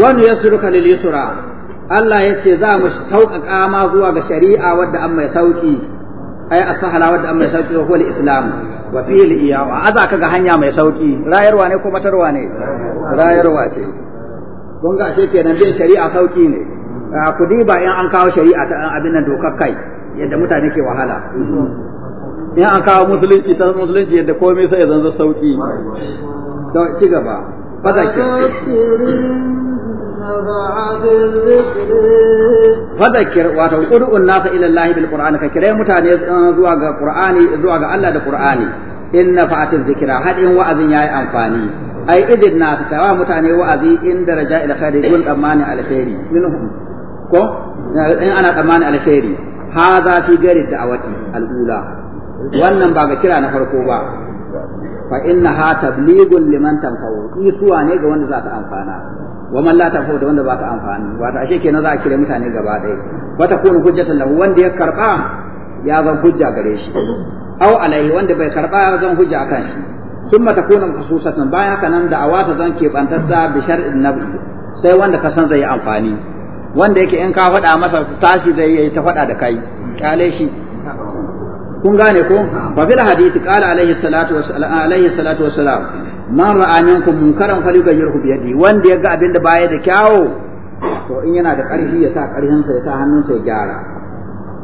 wani ya suruka lilisura Allah ya ce za mu sauƙaƙa ma zuwa ga shari'a wadda an mai sauƙi ai a sahala wadda an mai sauƙi wa huwa islam wa fi iyawa aza ka ga hanya mai sauƙi rayarwa ne ko matarwa ne rayarwa ce kun ga ce kenan bin shari'a sauƙi ne ah, ku diba in an kawo shari'a ta abin nan dokar kai yadda mutane ke wahala in an kawo musulunci ta musulunci yadda komai sai zan za sauki da ci gaba fadakir fadakir wato qur'un nasa ila Allah bil qur'an ka kire mutane eh, zuwa ga qur'ani zuwa ga Allah da qur'ani inna fa'atiz zikra hadin wa'azin yayi amfani ai idin ta wa mutane wa'azi in daraja ila khairi gun tsammani alkhairi minhum ko in ana tsammani alkhairi hadha fi gari da'awati al'ula wannan ba ga kira na farko ba fa inna ha tablighun liman tanfa'u isuwa ne ga wanda za ta amfana wa man la tanfa'u da wanda ba ta amfana wato ashe kenan za a kira mutane gaba ɗaya wata kunu hujjatan lahu wanda ya karba ya zan hujja gare shi aw alaihi wanda bai karba ya zan hujja akan shi summa takunu khususatan bayan haka nan da'awa ta zan kebantarsa bi shar'in nabi sai wanda ka san zai yi amfani wanda yake in ka faɗa masa tashi zai yi ta faɗa da kai kyale shi kun gane ko fa bil hadithi qala Alayhi salatu wassalam alayhi salatu wassalam man ra'a minkum munkaran falyughayyirhu bi yadi wanda yaga abin da baya da kyawo to in yana da karfi ya sa ƙarfin sa ya sa hannun sa ya gyara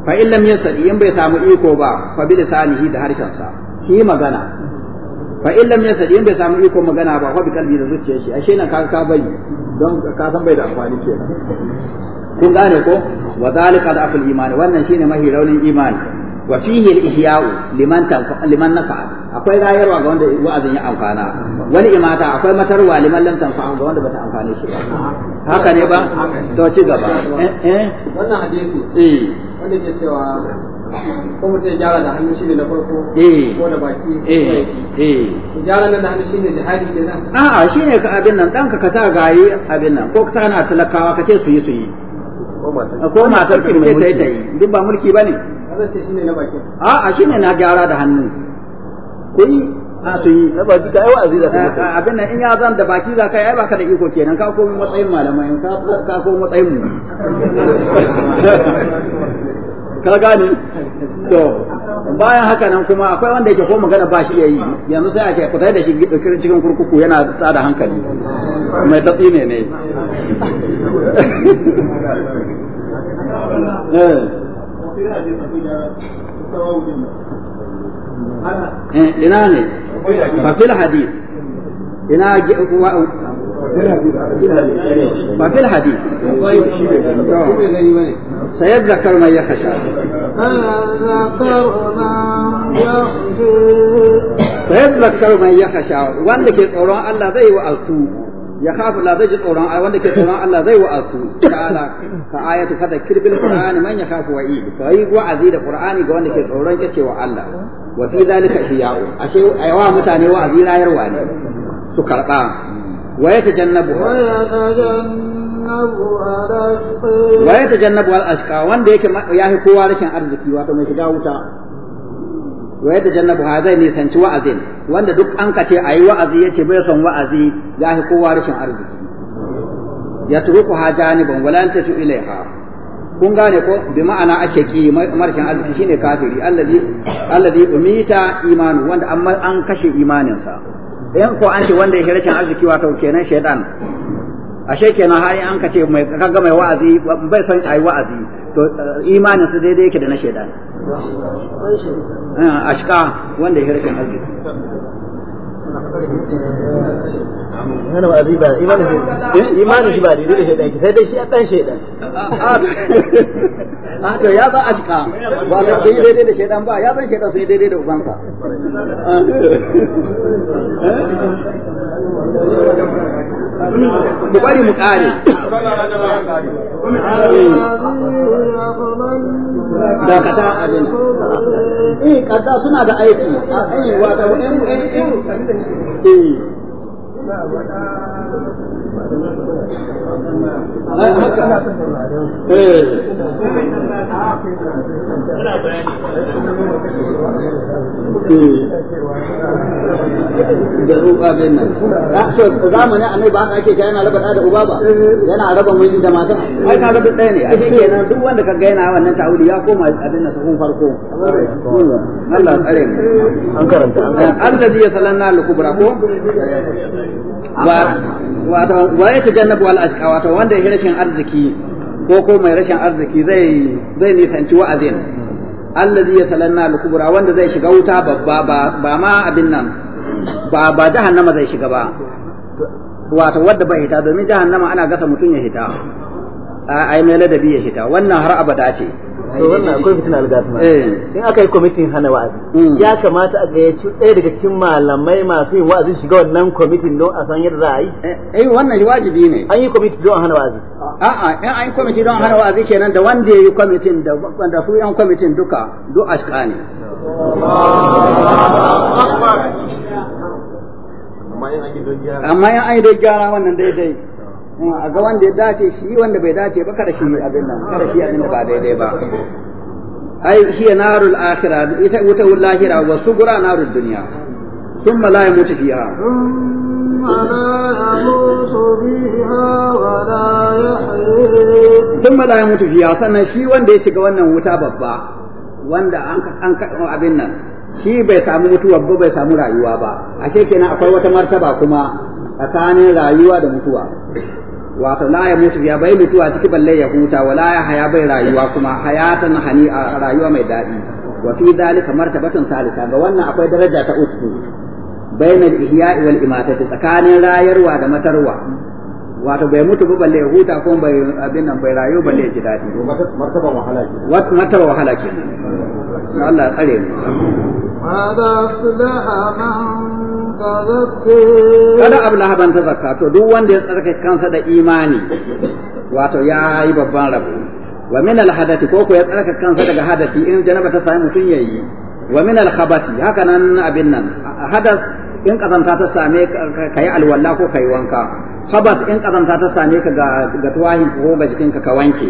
fa in lam yasadi in bai samu iko ba fa bil lisanihi da harshen sa shi magana fa in lam yasadi in bai samu iko magana ba fa bi kalbi da zuciyar shi ashe nan ka ka bai don ka san bai da amfani kenan kun gane ko wa zalika da afal imani wannan shine mahi raunin imani wa fihi al-ihya'u liman liman nafa'a akwai rayarwa ga wanda wa'azin ya amfana Wani imata akwai matarwa liman lam tanfa'a ga wanda bata amfane shi ba haka ne ba to ci gaba eh, eh wannan hadisi eh wanda ke cewa ko mutum ya gyara da hannu shi ne na farko eh. ko da baki eh, eh. gyara nan da hannu shi ne jihadi kenan a'a shi ne ka abin nan dan ka ta gayi abin nan ko ka tana talakawa ka ce su yi su yi ko matar mai ta yi duk ba mulki bane a a shine na gyara da hannu a su yi ya zan da baki za ka da iko kenan ka komi matsayin malamai bayan haka nan kuma akwai wanda yake ko magana ba shi yayi yanzu sai a ce ku da shi cikin kurkuku yana tsada hankali mai tatsi ne ne eh. ina ne ba fil hadith ina ba fil hadith سيذكر من يخشى سيذكر من يخشى وانك يقولون الله ذي وألتوه ya khafu la zai ji tsoron wanda ke tsoron Allah zai wa'azu ta'ala ka ayatu kada kirbil qur'ani man ya khafu wa'i kai wa'azi da qur'ani ga wanda ke tsoron kace wa Allah wa fi zalika shiya'u ashe wa mutane wa'azi rayarwa ne su karba wa tajannabu wa tajannabu al-ashqa wanda yake yahi kowa rashin arziki wato mai shiga wuta wa yadda jannabu ha zai nisanci wa'azin wanda duk an kace ayi wa'azi yace bai son wa'azi ya kowa rashin arziki ya turuku hajani ban wala antu ilaiha kun gane ko bi ma'ana ake ki marshen arziki shine kafiri alladhi alladhi umita imanu wanda amma an kashe imaninsa Yan ko an ce wanda ya rashin arziki wato kenan shaytan ashe kenan har an kace mai kaga mai wa'azi bai son ayi wa'azi to imanin su daidai yake da na shaidan ah, a shika wanda ya harshen arziki Yana ba aziba eh, imanin shi ba daidai da shaidan sai dai shi a ɗan shaidan. A ah, to ya ba ashka ba da sun daidai da shaidan ba ya bar shaidan sai daidai da ubansa. Ah. mu bari mu kare eh. da abin eh kada suna da aiki eh, a kai eh, da ruba bin nan da to zamanin annabi ba haka ake yana raba da uba ba yana raba miji da mata ai ɗaya ne kenan duk wanda yana wannan ya koma abin nan sahun farko Allah tsare an karanta Allah salanna al-kubra ko wato wa ya tajannabu al ashqa wato wanda yake rashin arziki ko ko mai rashin arziki zai zai nisanci wa'azin allazi yatalanna al kubra wanda zai shiga wuta babba ba ma abin nan ba ba jahannama zai shiga ba wato wadda bai hita domin jahannama ana gasa mutum ya hita ai mai ladabi ya hita wannan har abada ce to wannan akwai fitina algatuma eh. in aka yi kwamitin hana wa'azi mm. ya kamata a gayyaci ɗaya daga cikin malamai masu yin wa'azi shiga wannan kwamitin don a san yadda za a yi eh, eh wannan wajibi ne an yi kwamiti don hana wa'azi a'a in an yi kwamiti don hana wa'azi kenan da wanda ya yi kwamitin da su yan kwamitin duka duk ashka ne amma in an yi don gyara wannan daidai a ga wanda ya dace shi wanda bai dace ba kada shi abin nan kada shi abin da ba daidai ba ai hiya narul akhirah ita wuta lahira wa sugura narul dunya thumma la yamutu fiha thumma la yamutu fiha sannan shi wanda ya shiga wannan wuta babba wanda an abin nan shi bai samu mutuwa ba bai samu rayuwa ba ashe kenan akwai wata martaba kuma tsakanin rayuwa da mutuwa wato la ya mutu ya bai mutuwa ciki balle ya huta wala ya haya bai rayuwa kuma hayatan hani a rayuwa mai daɗi wa fi dalika martabatun salisa ga wannan akwai daraja ta uku bainal ihya wal imatati tsakanin rayarwa da matarwa wato bai mutu ba balle ya huta ko bai abin nan bai rayu balle ya ji daɗi martaba wahala ke martaba wahala ke Allah ya tsare mu kada abulahu ta zakka to duk wanda ya tsarka kansa da imani wato ya yi babban rabu wa min al hadati ko ya tsarka kansa daga hadati in janaba ta sami mutun yayi wa min al khabati haka nan abin nan hadas in kazanta ta same ka yi alwalla ko kai wanka khabat in kazanta ta same ka ga tawahi ko ga jikinka ka wanke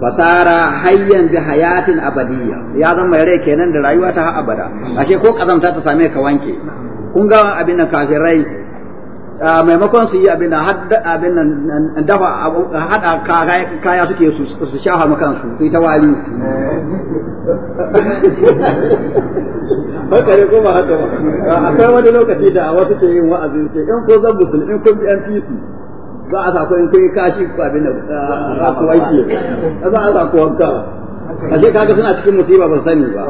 fasara hayyan bi hayatin abadiyya ya zama mai rai kenan da rayuwa ta abada ashe ko kazamta ta same ka wanke kun ga abin nan kafirai maimakon su yi abin nan abin nan dafa hada kaya suke su shafa makan su su yi tawali haka ko ba haka ba akwai wani lokaci da a wasu ke yin wa'azin ko zan musulmi in kun za a sa in kai kashi ko abin da eh, ku wanki za a sa kuwa wanka a ce kaga suna cikin musiba ba sani ba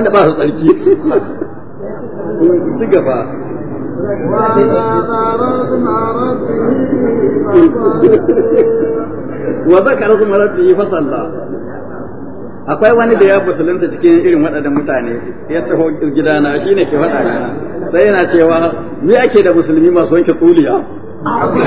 da ba su tsarki ci gaba wa ka rasu marabbi yi fasalla. akwai wani da ya fasalinta cikin irin waɗannan mutane ya taho gidana ne ke faɗa sai yana cewa me ake da musulmi masu wanke tsuliya ne.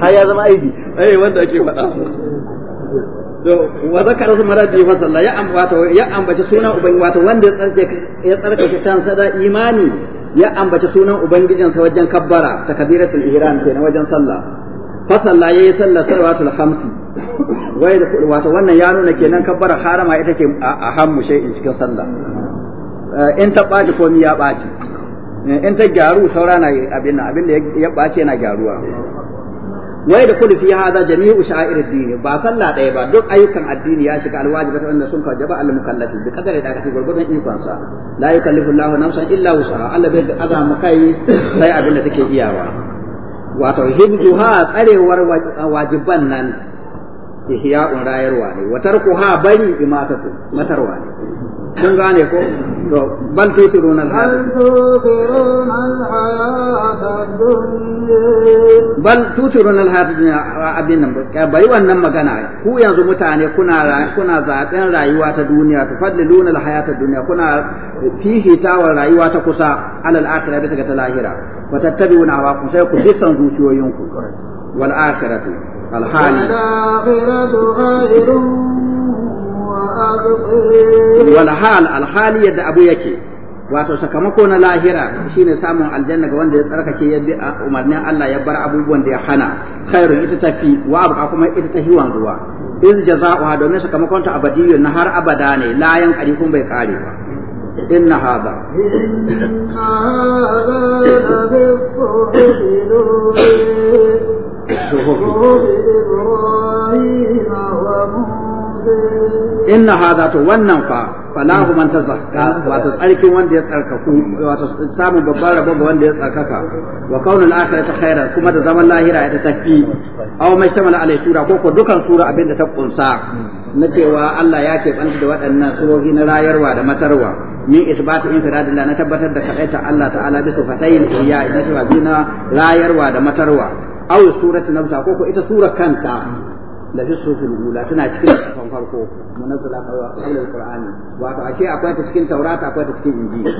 har ya zama aibi ai eh, wanda ake faɗa to wa zakara su maraji fa sallah ya ambata ya ambaci sunan ubangi wato wanda ya tsarkake kansa da imani ya ambaci sunan sa wajen kabbara ta takbiratul ihram kenan wajen sallah Fasalla sallah yayi sallah salawatul khamsi wai wato wannan ya nuna kenan kabbara harama ita ce a hammu shi in cikin sallah eh, in ta ɓaci komai ya ɓaci eh, in ta gyaru saura na abin nan abin da ya ɓaci yana gyaruwa wai da kullu fi hadha jami'u sha'ir ad-din ba sallah ɗaya ba duk ayyukan addini ya shiga alwajibata wanda sun jaba al mukallaf bi kadari da kace gurgurdan ikon sa la yukallifu Allahu nafsan illa wusaha Allah bai azama kai sai abin da take iyawa wato hibzuha tsarewar wajiban nan ihya'un rayarwa ne wa tarkuha bari imatatu matarwa ne kun gane ko to bal tutiruna al tutiruna al bal tutiruna al abin nan bari wannan magana ku yanzu mutane kuna kuna zaben rayuwa ta duniya tufaddiluna al hayata duniya kuna fifita wa rayuwa ta kusa alal akhirah bisa ga ta lahira wa tattabi'una wa kun sai ku bisan zuciyoyinku wal akhiratu alhali hal alhali yadda abu yake wato sakamako na lahira shine samun aljanna ga wanda ya tsarkake ya bi umarnin Allah ya bar abubuwan da ya hana khairu ita tafi wa abu kuma ita ta hiwan ruwa in jaza'uha domin sakamakon ta abadiyyu na har abada ne layan kari kun bai kare ba inna inna haza to wannan fa falahu man tazakka wato tsarkin wanda ya tsarkaku wato samun babban rabo ga wanda ya tsarkaka wa kaunul ta khairan kuma da zaman lahira ya tafi aw mai shamala alai sura ko ko dukan sura abinda ta kunsa na cewa Allah ya ke banta da waɗannan surori na rayarwa da matarwa min isbatu infiradi na tabbatar da kadaita Allah ta'ala bi sifatayn iyya na rayarwa da matarwa aw suratu nafsa ko ko ita sura kanta da fi sufil ula cikin littafin farko munazzala qabla alqur'ani wato ashe akwai ta cikin taurata akwai ta cikin injil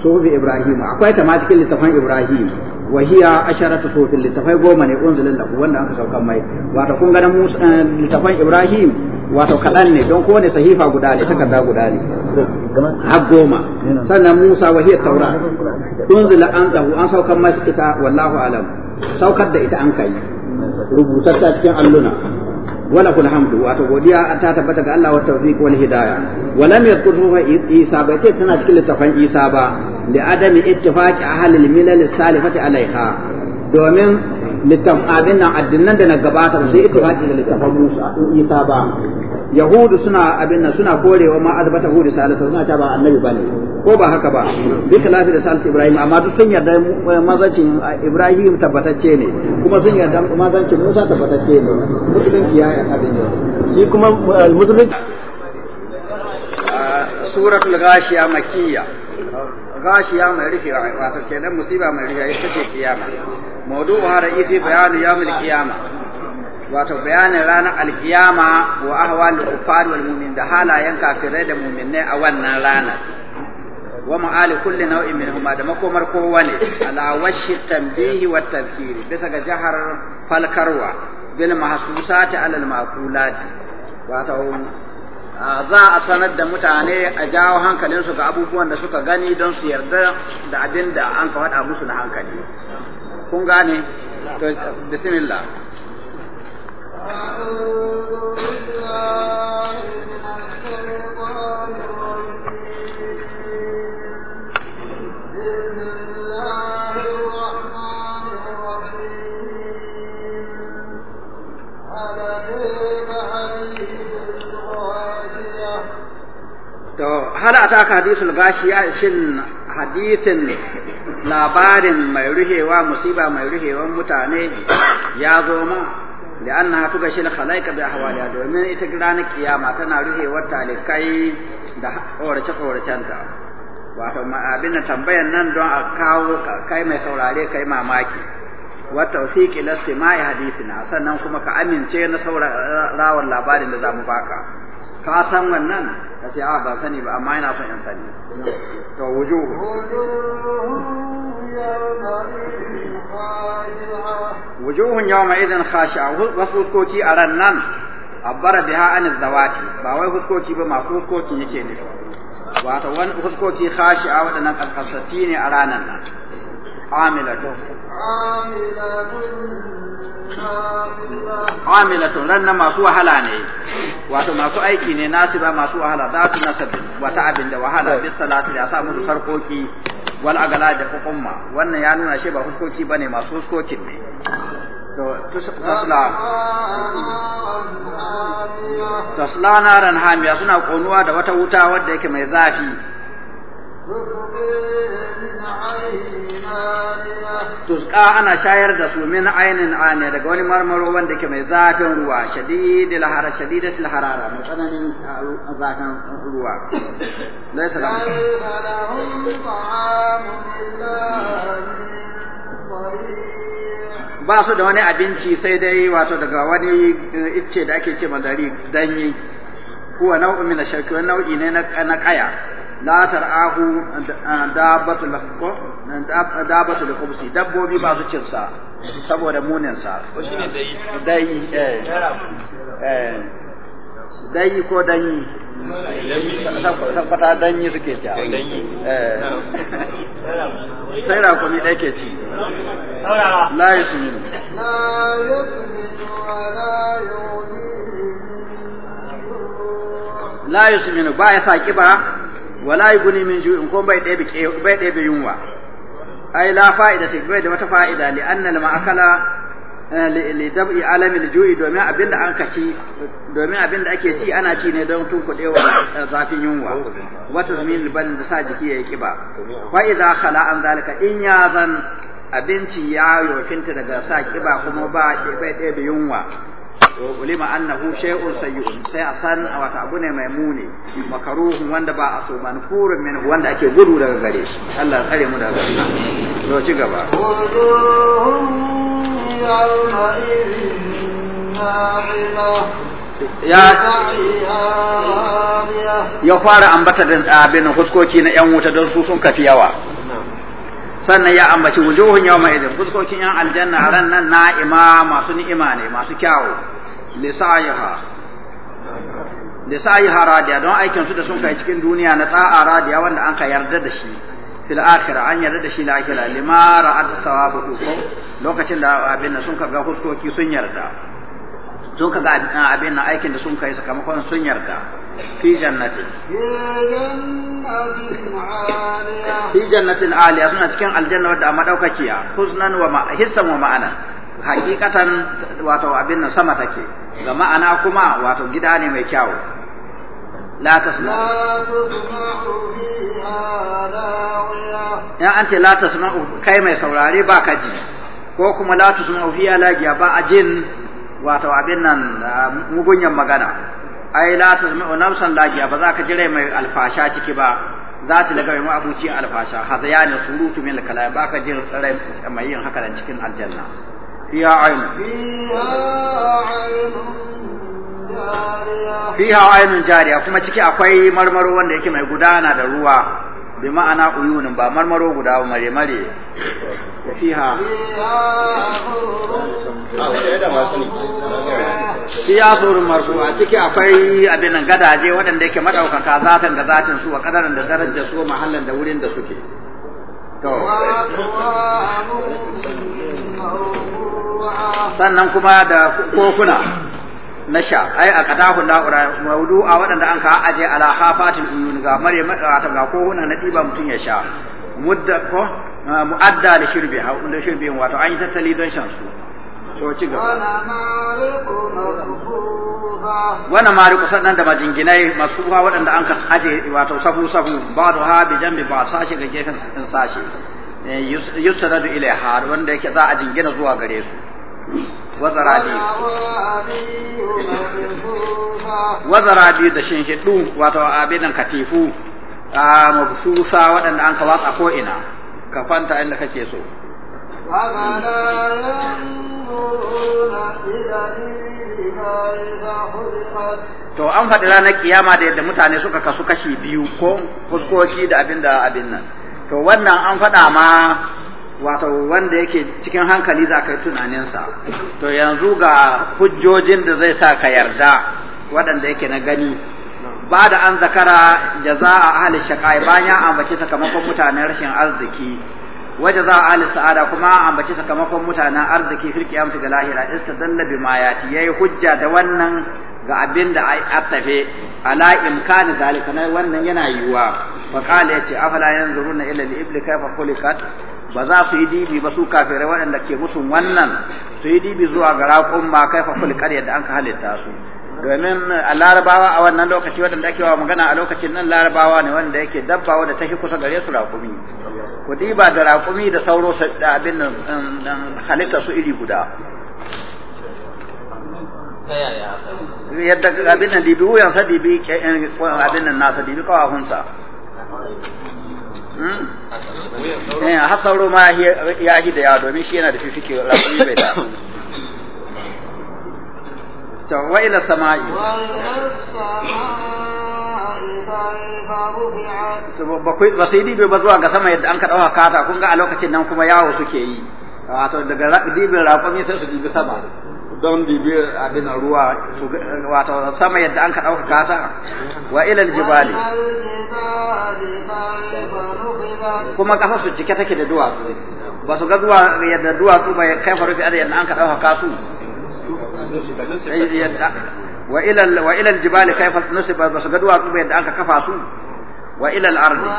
sufi ibrahim akwai ta ma littafin ibrahim wa hiya asharatu sufil littafai goma ne da lahu wanda aka saukan mai wato kun eh, littafin ibrahim wato kaɗan ne don kowane sahifa guda ne takarda guda ne har goma sannan musa an an saukan ita wallahu alam saukar da ita an kai rubutatta cikin alluna wala kul hamdu wato godiya ta tabbata ga Allah wa tawfiq wal hidayah walam yadhkurha Isa ba ce tana cikin littafin Isa ba da adami ittifaqi ahli milal salifati alaiha domin littafin abin nan addinan da na gabata sai ittifaqi da littafin Isa ba yahudu suna abin nan suna korewa ma azbata hudu salata suna ta ba annabi bane ko ba haka ba duk lafi da salatu ibrahim amma duk sun yarda mazancin ibrahim tabbatacce ne kuma sun yarda mazancin musa tabbatacce ne musulunci ya yi abin da shi kuma eh, musulunci ah, suratul ghashiya mai rufe wato kenan musiba mai rufe ita ce kiyama قيامة موضوعها رئيسي بيان يوم kiyama. wato bayanin ranar alkiyama wa ahwalul kufar wal mu'min da halayen kafirai da mu'minai a wannan rana wa ma'ali kulli nau'in huma da makomar kowane ala washi tanbihi wa tafkiri bisa ga jahar falkarwa bil mahsusati alal maqulati wato za a sanar da mutane a jawo hankalinsu ga abubuwan da suka gani don su yarda da abinda da an ka faɗa musu na hankali kun gane bismillah hal a taka gashiya shin hadisin labarin mai ruhewa musiba mai ruhewan mutane ya zo ma لأنها تغشي الخلائق بأحوالها دومين إتا قران القيامة تنا رهي وتالكي ده أورچ أورچانتا wato abin da tambayan nan don a kawo kai mai saurare kai mamaki wa tawfiqi lastima'i hadithina sannan kuma ka amince na saurarawar labarin da zamu baka ka san wannan ka ce a ban sani ba amma ina son in sani to wujuhu wujuhun yawma idan khashi'a wasu huskoki a ran nan abbara biha an zawati ba wai huskoki ba masu huskoki yake nufi wato wani huskoki khashi'a waɗannan kaskasati ne a ranan nan amilatun عاملة لأن masu wahala ne wato masu aiki ne nasu ba masu wahala za su nasabin wata abin da wahala bis salati ya sa musu sarkoki wal agala da hukumma wannan ya nuna shi ba huskoki bane masu huskoki ne to tasla tasla naran hamiya suna konuwa da wata wuta wadda yake mai zafi Tuska ana shayar da su min ainin ane daga wani marmaro wanda ke mai zafin ruwa shadidil hara shadidatil harara mai tsananin zafin ruwa lai salam ba su da wani abinci sai dai wato daga wani e, icce da ake ce madari danyi Kuwa nau'in min shakki wani nau'i ne na kaya la tar'ahu dabbatu lahko dabbatu lakubsi dabbobi ba su cin sa saboda munin sa ko shine dai eh eh dai ko danyi tabbata danyi suke ci eh sai ra kuma dai ke ci la yusmin la yusmin wa la yughni la yusmin ba ya sa kibara wala yughni min ju'in ko bai ɗebe bai yunwa ai la fa'ida ta bai da wata fa'ida eh, li anna lama li dab'i alamil ju'i domin abinda an kaci domin abinda ake ci ana ci ne don tun kudewa eh, zafin yunwa Wata tazmin bal da sa jiki ya yi ƙiba. idza khala an zalika in ya zan abinci ya yofinta daga sa ƙiba kuma ba bai ɗebe yunwa ulima annahu shay'un sayyi'un sai a san wata abu ne mai muni makaruhun wanda ba a so mankurun min wanda ake gudu daga gare shi Allah tsare mu daga gare shi to ci gaba ya ya fara ambata da abin huskoki na yan wuta don su sun kafi yawa sannan ya ambaci wujuhun yawma idin fuskokin yan aljanna ran nan na'ima masu ni'ima ne masu kyawu lisa'iha lisa'iha radiya don aikin su da sun kai cikin duniya na ta'a radiya wanda an ka yarda da shi fil akhirah an yarda da shi lahira lima ra'at thawabu ko lokacin da abin nan sun ka ga huskoki sun yarda sun ka ga abin nan aikin da sun kai sakamakon sun yarda fi jannati fi jannatin aliya suna cikin aljanna wadda a madaukakiya husnan wa ma'ana. wa hakikatan wato abin nan sama take ga ma'ana kuma wato gida ne mai kyawu la tasma'u ya an ce la tasma'u kai mai saurare ba ka ji ko kuma la tasma'u fiha lagiya ba a jin wato abin nan mugunyan magana ai la tasma'u nafsan lagiya ba za ka jira mai alfasha ciki ba za ta daga mai abuci alfasha hazayani surutu min kalam ba ka jin rai mai yin haka cikin aljanna فيها a fiha ainun jariya kuma ciki akwai marmaro wanda yake mai gudana da ruwa bi ma'ana uyunin ba marmaro guda ba mare mare fiha fiha surun marfu a ciki akwai abin gadaje waɗanda yake maɗaukaka zatan da zatin su wa kadarin da darajar su mahallan da wurin da suke to sannan kuma da kofuna na sha ai a kadahu la'ura maudu a waɗanda an ka aje ala hafatin uyun ga mare mata ga kokuna na ɗiba mutum ya sha mudda ko mu'adda da shirbi ha da shirbin wato an yi tattali don shan su to ci gaba wannan mariku sannan da majinginai masu ruwa waɗanda an ka aje wato safu safu ba da ha bi jambi ba sashi ga gefen sashe eh, yusradu ilaiha wanda yake za a jingina zuwa gare su wazara bi da shinshidu wato abinan katifu a mabsusa waɗanda an kawatsa a ko'ina ka kwanta inda kake so To an faɗi ranar kiyama da yadda mutane suka kasu kashi biyu ko fuskoki da abin da abin nan. To wannan an faɗa ma wato wanda yake cikin hankali za ka yi tunaninsa to yanzu ga hujjojin da zai sa ka yarda waɗanda yake na gani ba da an zakara za a ahli shaƙai bayan ya ambaci sakamakon mutanen rashin arziki waje za a ahli sa'ada kuma ambaci sakamakon mutanen arziki ya mutu ga lahira istadalla bima ya yi hujja da wannan ga abin da a tafe ala imkani zalika wannan yana yiwuwa fa yace afala yanzuruna ila ibli kayfa khuliqat ba za su yi dibi ba su kafirai waɗanda ke musu wannan su yi dibi zuwa ga raƙon ma kai fa ƙarya da an ka halitta su domin a larabawa a wannan lokaci waɗanda ake wa magana a lokacin nan larabawa ne wanda yake dabba wanda ta kusa gare su raƙumi ku diba da raƙumi da sauro da abin nan um, um, halitta su iri guda yadda abin nan dibi wuyansa dibi eh, abin nan nasa dibi kawahunsa Eh, har sauro ma ya shi da yawa domin shi yana da fifike rafi bai da to wa ila sama'i ba su yi dibe ba zuwa ga sama yadda an ka ɗauka kata kun ga a lokacin nan kuma yawo suke yi wato daga dibin raƙumi sai su dibi sama don bibiyar abin ruwa wato sama yadda an ka dauka kasa wa ila aljibali kuma kasa su cike take da duwa ba su ga duwa yadda duwa su bai kai farufi da yadda an ka dauka kasu wa ila wa ila aljibali kai fa nusiba ba su ga duwa su bai yadda an ka kafa su wa ilal arzi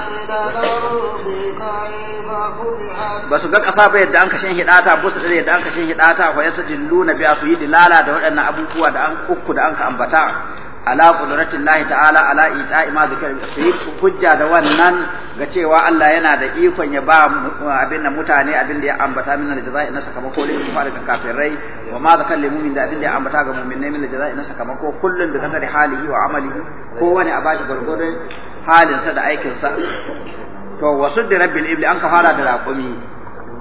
ga kasa ba yadda an ka shan hidata ba su daidai da an ka shan hidata a koyan sa tun luna biyar ku da waɗannan abubuwa da uku da an ka ambata. ala qudratin lahi ta'ala ala ita'i ma zikr su yi hujja da wannan ga cewa Allah yana da ikon ya ba abin da mutane abin da ya ambata min da jaza'i na sakamako da kuma da kafirai wa ma da lil mu'min da abin da ya ambata ga mu'min min da jaza'i na sakamako kullun da kadari halihi wa amalihi wani a bashi halin halinsa da aikinsa to wasu da rabbil ibli an ka fara da raƙumi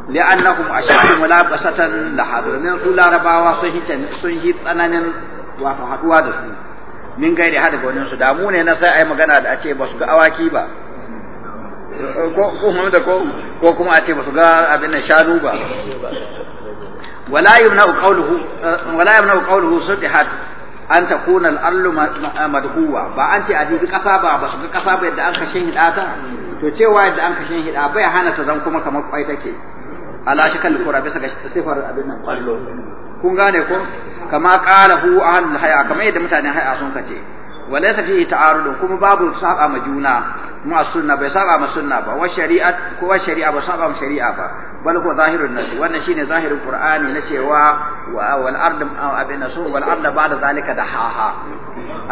لأنهم أشد ملابسة لها domin su larabawa sun hi tsananin wato haɗuwa da su min gairi hada gwaninsu. da mu ne na sai ai magana da a ce ba su ga awaki ba ko kuma a ce ba su ga abin nan shanu ba wala yumna qawluhu wala yumna qawluhu sutihat an takuna al-arlu madhuwa ba an ce a dubi kasa ba ba su ga kasa ba yadda an kashin hidata to cewa yadda an kashin hida bai hana ta zan kuma kamar kwai take ala shakal kura bisa ga sifar abin nan kwallo kun gane ko kama qala hu hannun haya kamar yadda mutanen haya sun kace walaysa fihi ta'arudun kuma babu saba ma juna ma sunna bai saba ma sunna ba wa shari'a ko wa shari'a ba saba ma shari'a ba bal ko zahirun nasi wannan shine zahirin qur'ani na cewa wal ard abin nasu wal ard ba'da zalika da haha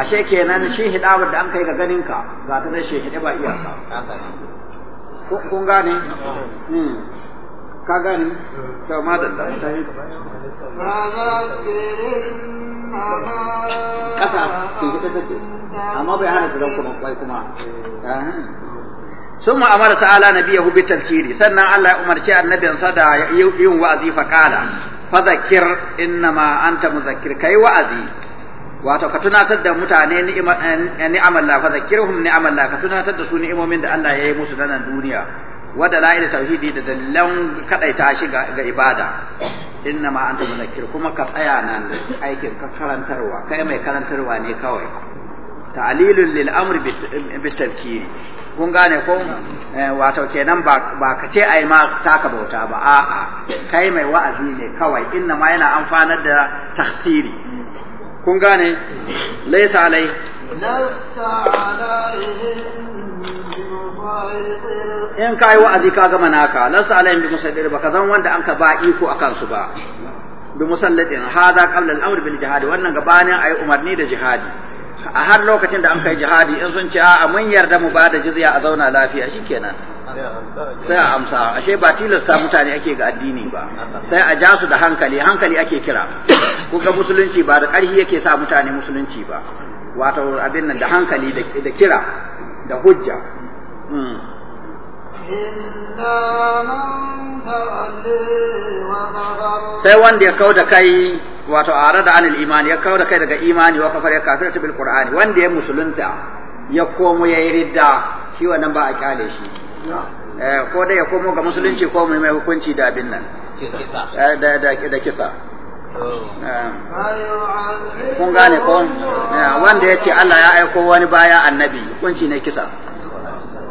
ashe kenan shi hidawar da an kai ga ganin ka ga ta da shi hidaba iyaka kun gane hmm. ka gani? ta ma ta yi kasa sun ta take amma bai hana su zan kuma kwai kuma ثم أمر تعالى نبيه بالتذكير سنة الله أمر شاء النبي صدى يوم وأزي فقال فذكر إنما أنت مذكر kai wa'azi, wato ka tunatar da mutane eh, ni'amar Allah fa zakirhum ni'amar Allah ka tunatar da su ni'imomin da Allah ya yi musu na nan duniya wa dalail tauhidi da dalilan kadaita shi ga ibada inna ma anta mudakkir kuma ka tsaya nan aikin ka karantarwa kai mai karantarwa ne kawai ta'lilun lil amri bi tafkiri kun gane ko eh, wato kenan ba ba ka ce ai ma taka bauta ba a'a kai mai wa'azi ne kawai inna ma yana amfanar da tafsiri kun gane laysa alai lasta alaihim in ka yi wa'azi ka gama naka lasu alayhim bi ba baka zan wanda an ka ba iko akan su ba bi musalladin hada qabla al-amr bil jihad wannan gabanin ayi umarni da jihadi a har lokacin da an kai jihadi in sun ce a mun yarda mu bada jizya a zauna lafiya shikenan sai a amsa ashe ba tilasta mutane ake ga addini ba sai a ja su da hankali hankali ake kira ga musulunci ba da ƙarfi yake sa mutane musulunci ba wato abin nan da hankali da kira da hujja sai wanda ya kau da kai wato a da anil imani ya kau da kai daga imani wa kafar ya kafir ta bil qur'ani wanda ya musulunta ya komo ya yi ridda shi wannan ba a kyale shi eh, ko dai ya komo ga musulunci ko mai hukunci da abin nan eh, da kisa oh. eh. kun gane ko wanda ya ce Allah ya aiko wani baya annabi hukunci ne kisa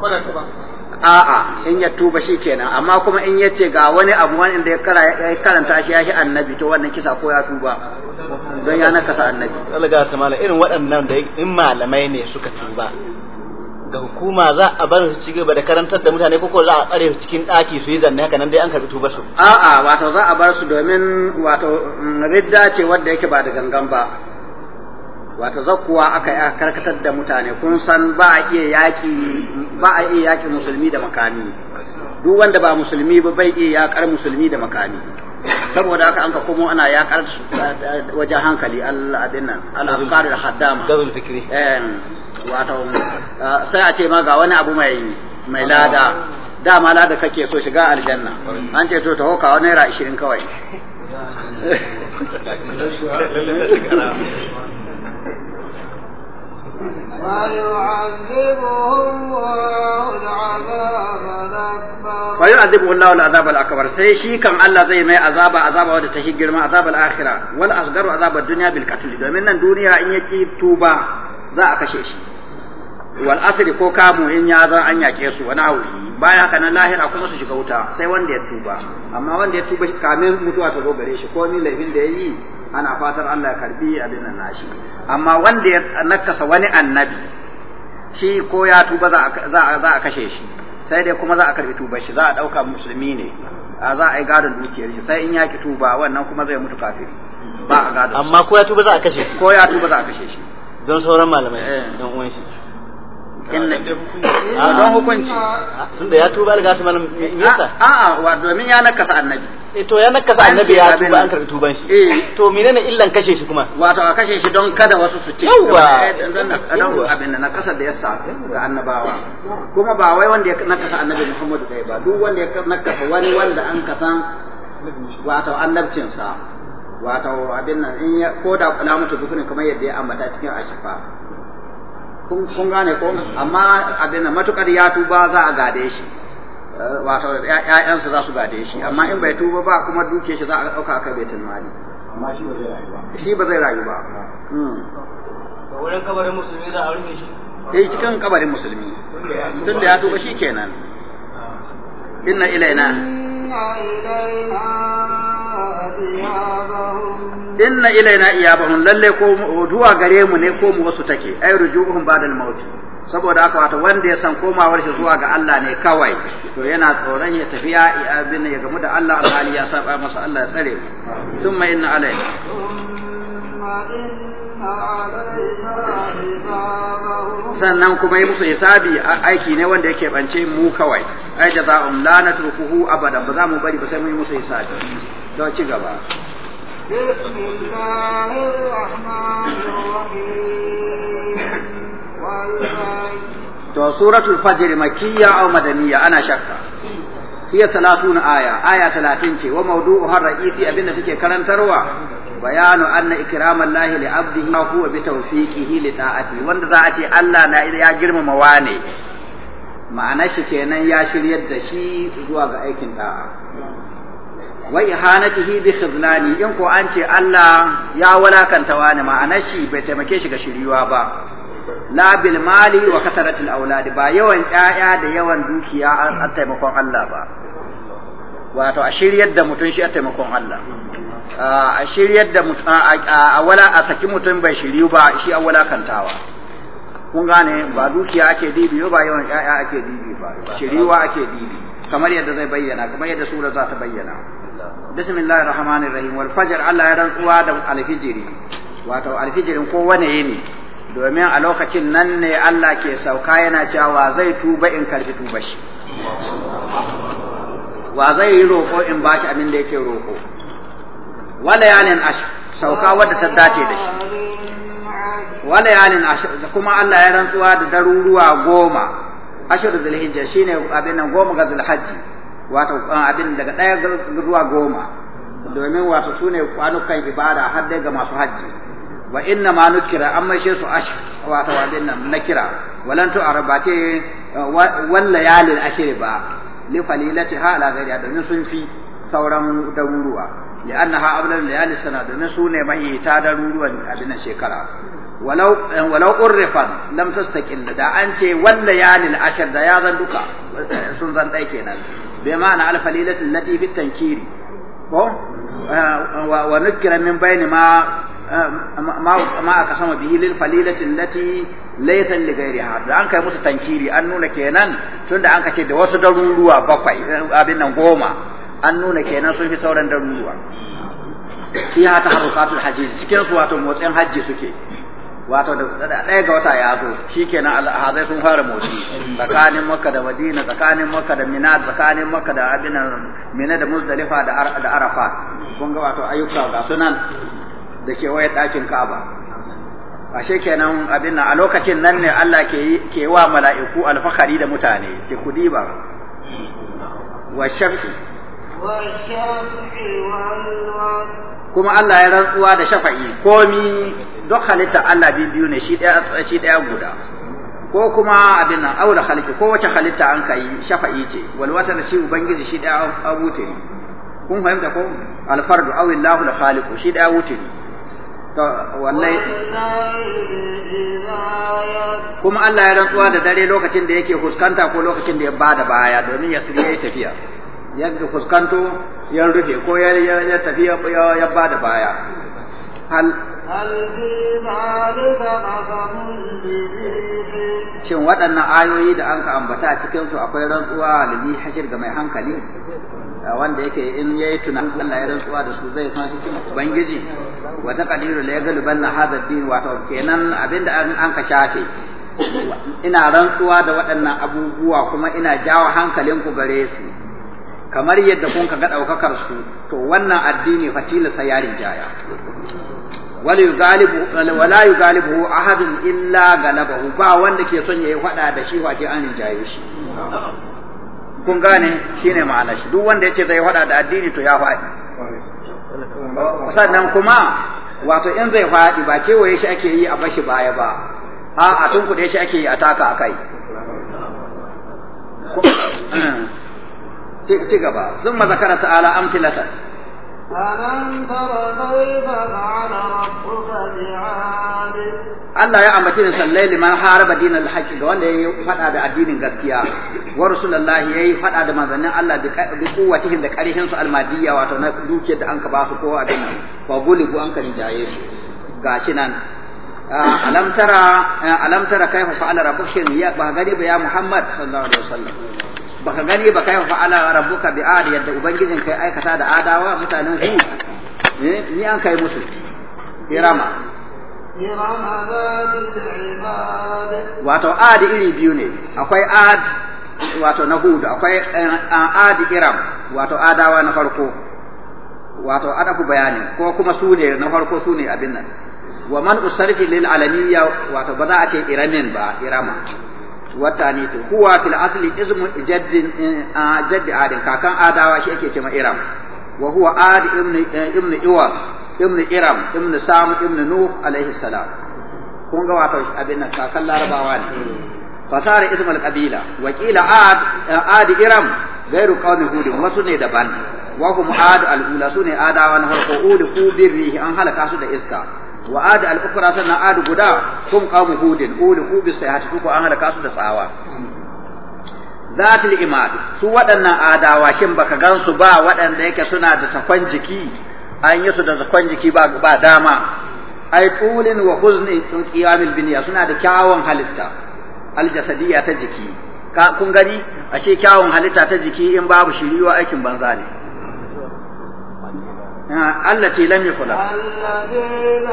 a'a in ya tuba shi kenan amma kuma in ya ce ga wani abu wani da ya karanta shi ya shi annabi to wannan kisa ko ya tuba don ya nakasa annabi alaga ta mala irin waɗannan da in malamai ne suka tuba ga hukuma za a bar su cigaba da karantar da mutane ko za a tsare su cikin ɗaki su yi zanne haka nan dai an karɓi tubar su a'a wato za a bar su domin wato mm, ridda ce wanda yake ba da gangan ba wata zakuwa aka karkatar da mutane kun san ba a iya yaki ba a iya yaki musulmi da makami duk wanda ba musulmi ba bai iya yakar musulmi da makami saboda haka an ka komo ana yakar wajen hankali Allah abin nan al-afkar al-haddama gazul fikri eh wato eh, sai a ce ma ga wani abu mai mai lada dama lada kake so shiga aljanna an ce to ta hoka naira 20 kawai fa yu'adhibuhu Allahu al-'adhab al-akbar sai shi kan Allah zai mai azaba azaba wadda ta girma azab al-akhirah wal asgaru azab duniya dunya bil katil domin nan duniya in yaki tuba za a kashe shi wal asri ko kamu in ya zan an yake su wani auri Baya haka nan lahira kuma su shiga wuta sai wanda ya tuba amma wanda ya tuba kamin mutuwa ta zo gare shi ko ni laifin da ya yi ana fatar Allah ya karbi abin nan nashi amma wanda ya nakasa wani annabi shi ko ya tuba za a za a kashe shi sai dai kuma za a karbi tubar shi za a dauka musulmi ne a za a yi gadon dukiyar shi sai in ya ki tuba wannan kuma zai mutu kafiri ba a gadon amma ko ya tuba za a kashe shi ko ya tuba za a kashe shi don sauran malamai eh. dan uwan shi a ah, don hukunci tunda ya tuba daga su malam yasa a a domin ya nakasa annabi eh to ya nakasa annabi ya tuba an karbi tuban shi eh to menene illan kashe shi kuma wato a kashe shi don kada wasu su ci yawa eh, don abin da nakasa da yasa ga annabawa kuma ba wai wanda ya nakasa annabi Muhammadu kai ba duk wanda ya nakasa wani wanda an kasan wato annabcinsa wato abin nan in ya ko da kula mutu dukkan kamar yadda ya ambata cikin ashifa kun gane ko amma abin matukar ya tuba za a gade shi eh, wato ƴaƴansa za su gade shi amma in bai tuba ba kuma duke shi za a ɗauka aka baitul mali amma shi ba zai rayu ba shi ba zai rayu ba hmm. wurin kabarin musulmi za a rufe shi eh cikin kabarin musulmi tun da ya tuba shi kenan inna ilaina inna ilaina iyabahum inna ilaina iyabahum lalle ko duwa gare mu ne ko mu wasu take ay rujuhum ba'da al-maut saboda haka wata wanda ya san komawar shi zuwa ga Allah ne kawai to yana tsoron ya tafiya abin ya gamu da Allah alhali ya saba masa Allah ya tsare mu inna alaina sannan kuma yi musu hisabi aiki ne wanda yake bance mu kawai ai jaza'um la natrukuhu abada ba za mu bari ba sai mu yi musu hisabi don ci gaba بسم الله الرحمن الرحيم والفجر to suratul fajr makiyya aw madaniyya ana shakka hiya 30 aya aya talatin ce wa mawdu'uha ra'isi abinda take karantarwa bayanu anna ikramal lahi li abdihi huwa bi tawfiqihi li ta'ati wanda za a ce Allah na ya girmama ne? ma'ana shi kenan ya shiryar da shi zuwa ga aikin da'a Wai ihanatihi bi khizlani in ko an ce Allah ya walakanta wani ma'anar shi bai taimake shi ga shiriwa ba la bil mali wa kasaratil auladi ba yawan ƴaƴa da yawan dukiya an taimakon Allah ba wato a shiryar da mutum shi a taimakon Allah a shiryar da a wala a saki mutum bai shiryu ba shi a walakantawa kun gane ba dukiya ake dibi ba yawan ƴaƴa ake dibi ba shiryuwa ake dibi kamar yadda zai bayyana kamar yadda sura za ta bayyana بسم الله rahim الرحيم والفجر Allah ya rantsuwa da alfijiri واتو الفجر كو وني yini domin a lokacin nan ne Allah ke sauka yana cewa zai tuba in karfi tuba shi wa zai yi roƙo in bashi abin da yake roƙo wala yanin ash sauka wadda ta dace da shi wala yanin ash kuma Allah ya rantsuwa da daruruwa goma zulhijja shine abin nan goma ga zulhajji wato ah, abin daga ɗaya zuwa goma domin wato su ne kwanukan ibada har dai ga masu hajji wa inna ma nukira an maishe su ash wato abin nan na kira walan tu arbate ah, walla yalin ashir ba li falilati ha ala ghairiha domin sun fi sauran daruruwa li ha ablal layali sana domin su ne mai ta daruruwan abin shekara walau eh, walau urrifan lam tastaqil da an ce wal yalin ashir da ya zan duka sun zan dai kenan bi ma'ana al falilatu allati fi tankiri ko wa nukira min bayni ma ma ma aka sama bihi falilati allati laysa li ghayriha da an kai musu tankiri an nuna kenan tunda an ce da wasu daruruwa bakwai abin nan goma an nuna kenan sun fi sauran daruruwa fiha taharrukatul hajji cikin su wato motsin hajji suke wato da ɗaya ga wata ya zo shi kenan alhazai sun fara motsi tsakanin makka da madina tsakanin makka da mina tsakanin makka da abin mina da muzdalifa da arafa kun ga wato ayyuka ga sunan da ke waye ɗakin ka'aba ashe kenan abin a lokacin nan ne Allah ke wa mala'iku alfahari da mutane ke ba wa shafi kuma Allah ya rantsuwa da shafa'i komi duk halitta Allah bi biyu ne shi ɗaya shi ɗaya guda ko kuma abin nan aure halitta ko wace halitta an kai shafa'i ce wal da shi ubangiji shi ɗaya abute kun fahimta ko al fardu aw illahu la khaliqu shi ɗaya wuce to wallahi kuma Allah ya rantsuwa da dare lokacin da yake huskanta ko lokacin da ya bada baya domin ya suriye tafiya yadda fuskanto ya rufe ko ya tafi ya ba da baya hal shin waɗannan ayoyi da an ka ambata a cikin akwai rantsuwa limi hashir ga mai hankali wanda yake in yayi tunan Allah ya rantsuwa da su zai san cikin ubangiji wa kadiru la yaghliban hadha ad-din wa kenan abinda an ka shafe ina rantsuwa da waɗannan abubuwa kuma ina jawo hankalinku gare su kamar yadda kun ka ga daukakar su to wannan addini fatila sayarin jaya wala yugalibu wala yugalibu ahadun illa galabahu ba wanda ke son yayi fada da shi wace an rinjaye shi kun gane shine ma'ana shi duk wanda yace zai fada da addini to ya fadi sannan kuma wato in zai fadi ba kewaye shi ake yi a bashi baya ba a a tun kuɗe shi ake yi a taka akai ci gaba sun ma zakara ta'ala amfilata Allah ya ambaci sallai liman haraba dinar haƙƙi ga wanda ya yi faɗa da addinin gaskiya wa rasulullahi ya yi faɗa da manzannin Allah bi kuwatihin da ƙarhin su almadiyya wato na dukiyar da an ka ba su ko abin nan wa buligu an ka rijaye su gashi nan alam tara alam tara kaifa fa'ala rabbuka ya ba gani ba ya muhammad sallallahu alaihi wasallam baka gani ba kai ala rabbuka bi ad yadda ubangijin kai aikata da adawa mutanen su eh, ni an kai musu irama wato ad iri biyu ne akwai ad wato na hudu akwai eh, ad iram wato adawa na farko wato ku bayani ko kuma su ne na farko su ne abin nan wa man usarfi lil alaniya wato ba za a ce iramin ba irama والتانيث هو في الأصل اسم جد جد عاد كان آدا وشي yake cewa Iram wa huwa Ad ibn eh, ibn Iwa ibn Iram ibn Sam ibn Nuh alaihi salam kun ga wato abin nan kakan Larabawa ne hmm. fasara ismul qabila wa qila Ad eh, Ad Iram gairu qaumi Hud wasu ne daban wa hum Ad al-ula sune Adawa na farko uliku birrihi an halaka su da iska wa ad al ukra sannan ad guda kum qawm hudin uliku sai ha shiku an halaka su da tsawa zatul imad su waɗannan adawa shin baka gansu ba waɗanda yake suna da sakon jiki an yi su da sakon jiki ba ba dama ai qulin wa huzni qiyamil binya suna da kyawun halitta al jasadiyya ta jiki Ka kun gani ashe kyawun halitta ta jiki in babu shiriwa aikin banza ne Allah لم يخلق التي Allah يخلق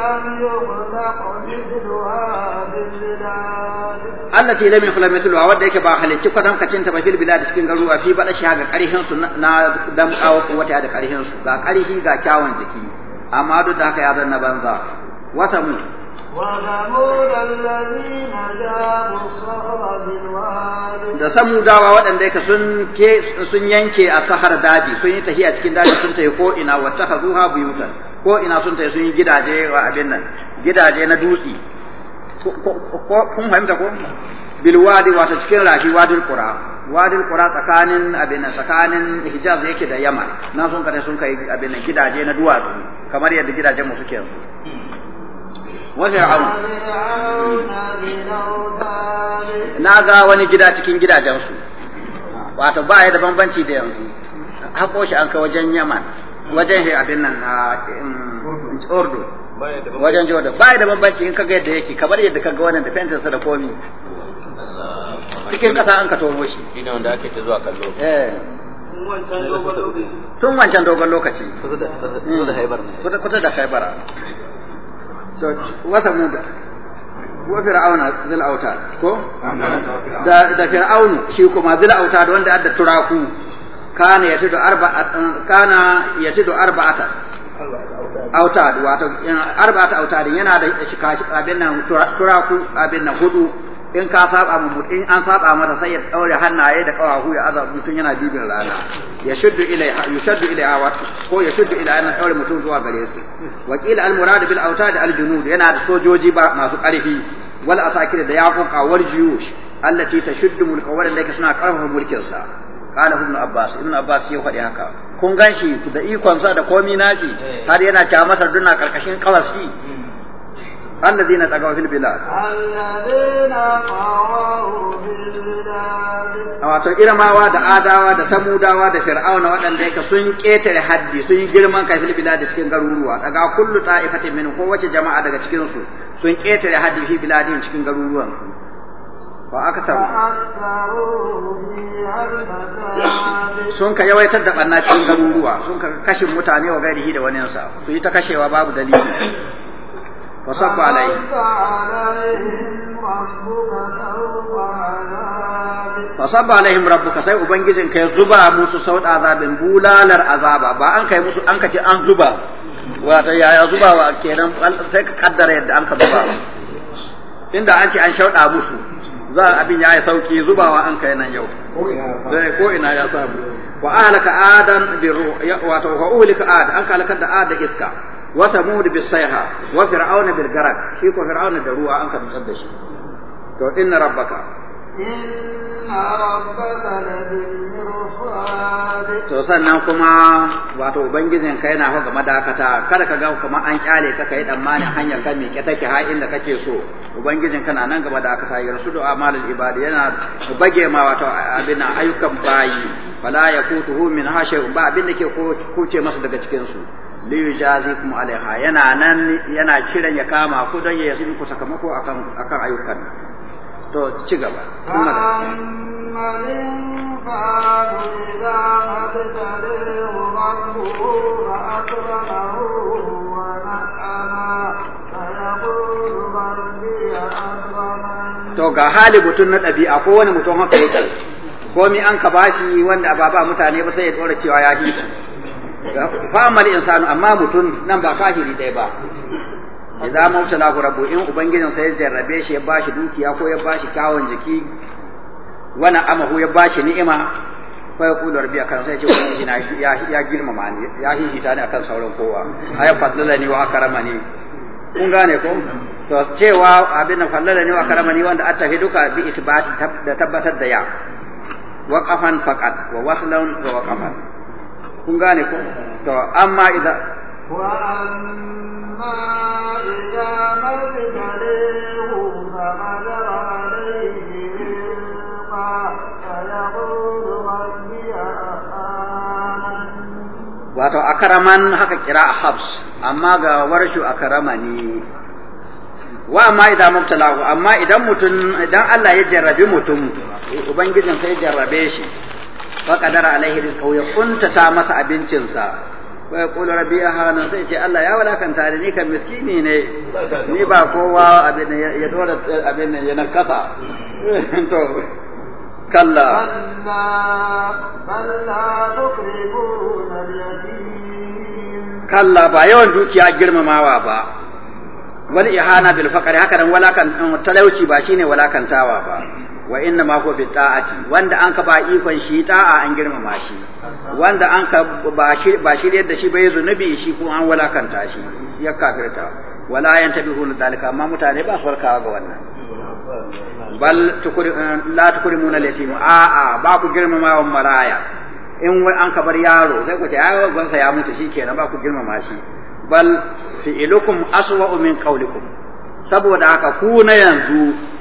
مثلها في البلاد التي لم يخلق مثلها wadda yake ba halicci kwadan kacin ta ba fil bilad cikin garuruwa fi bada shi ga karhin su na dam awa wata da karhin su ga karhi ga kyawun jiki amma duk da haka ya zanna banza wata mu da samu dawa waɗanda yake sun ke sun yanke a sahar daji sun yi tahiya cikin daji sun tafi ko ina wata ka zuha buyutan ko ina sun tafi sun yi gidaje wa abin nan gidaje na dutsi kun fahimta ko bil wadi wata cikin rafi wadi qura wadi qura tsakanin abin tsakanin hijaz yake da yama na sun kare sun kai abin gidaje na duwatsu kamar yadda gidajen mu suke yanzu وفرعون na ga wani gida cikin gidajensu wato ba ya da bambanci da yanzu hako shi an ka wajen yaman wajen shi abin nan na ordo wajen jordo ba ya da bambanci in kaga yadda yake kamar yadda kaga wannan da fentinsa da komi cikin kasa an ka tomo shi Ina wanda ake ta zuwa kallo eh. tun wancan dogon lokaci kusa da haibar to wasamud wa fir'auna ko fir'aunu shi kuma zil autad kana yatidu arba'atan kana yatidu autad wato arba'ata autadin yana da abin nan turaku abin nan hudu in ka saba mu in an saba mata sai ya daure hannaye da kawahu ya azab mutum yana bibin rana ya shuddu ilaiha yushaddu ilaiha wa ko ya shuddu ilaiha na daure mutum zuwa gare su wakil al murad bil autad al junud yana da sojoji ba masu karfi wal asakir da yaquqa wal jiyush allati tashuddu mulka wa laka suna karfafa mulkin sa qala ibn abbas ibn abbas ya faɗi haka kun ganshi da ikon sa da komi nashi eh. har yana ta masa duna karkashin kawasi hmm. الذين طغوا في البلاد الذين wato irmawa da adawa da samudawa da fir'auna waɗanda yake sun ƙetare haddi sun yi girman kai fil bilad cikin garuruwa daga kullu ta'ifatin min ko wace jama'a daga cikin sun ƙetare haddi fi biladin cikin garuruwan su fa akthar sun yawaitar da barna cikin garuruwa sun ka kashin mutane wa gairihi da wani sa su yi ta kashewa babu dalili فصب عليه فصب عليهم ربك sai ubangijin zuba musu saud azabin bulalar azaba ba an kai musu an kace an zuba wata yaya zuba kenan sai ka kaddara yadda an ka zuba inda an ce an shauɗa musu za abin ya yi sauki zubawa an kai nan yau ko ina ya samu wa ahlaka adan bi wato wa uhlika ad an kalakar da ad da iska Wata mudu bi sayha wa fir'auna bil garak shi ko fir'auna da ruwa an ka nutsar da shi to inna rabbaka inna rabbaka to sannan kuma wato ubangijin ka yana ga madakata kada ka ga kuma an kyale ka kai dan mani hanyar ka me take ha inda kake so ubangijin kana nan gaba da akata yarsu do du'a ibadi yana bage ma wato abin ayyukan bayi fala yakutuhu min hashi ba abin da ke kuce masa daga cikin su liyujazikum alaiha yana nan yana ciran ya kama ku don ya yi ku sakamako akan akan ayyukan to ci gaba to ga hali mutum na ɗabi'a ko wani mutum haka yake komi an ka bashi wanda ba ba mutane ba sai ya tsora cewa ya hisu fa'amal insanu amma mutum nan ba kafiri dai ba idan mawtala ku rabu in ubangijin sai ya jarrabe shi ya bashi dukiya ko ya bashi kyawun jiki wani amahu ya bashi ni'ima fa ya kula rabbi akan sai ya ce ubangiji na ya ya girmama ni ya hihita ni akan sauran kowa ay fadlala ni wa akrama ni kun gane ko to cewa abin nan fadlala ni wa akrama ni wanda attafi duka bi isbat da tabbatar da ya waqafan faqat wa waslan wa waqafan kun gane ko to amma idan وأما إذا ما ابتليه فقدر عليه رزقا فيقول ربي أهانن wato akaraman haka kira a habs amma ga warshu akarama ne wa amma idan mubtalahu amma idan mutum idan Allah ya jarrabe mutum ubangijin sai jarrabe shi fa qadara alaihi rizqahu ya kuntata masa abincinsa wa yaqulu rabbi hana sai ce Allah ya walakanta ni kan miskini ne ni ba kowa abin ya dora abin ya nakasa to kalla kalla ba yawan dukiya girmamawa ba wal ihana bil faqri haka nan walakan talauci ba shine walakantawa ba wa inna ma huwa bi ta'ati wanda an ka ba ikon shi ta'a an girmama shi wanda an ka ba shi ba shi da shi bai zunubi shi ko an walakanta shi ya kafirta wala yantabihu dalika amma mutane ba su farkawa ga wannan bal la tukuri muna yatim a a ba ku girmama wa maraya in wai an ka bar yaro sai ku ce ai gonsa ya mutu shikenan ba ku girmama shi bal fi'ilukum aswa'u min qawlikum saboda haka ku na yanzu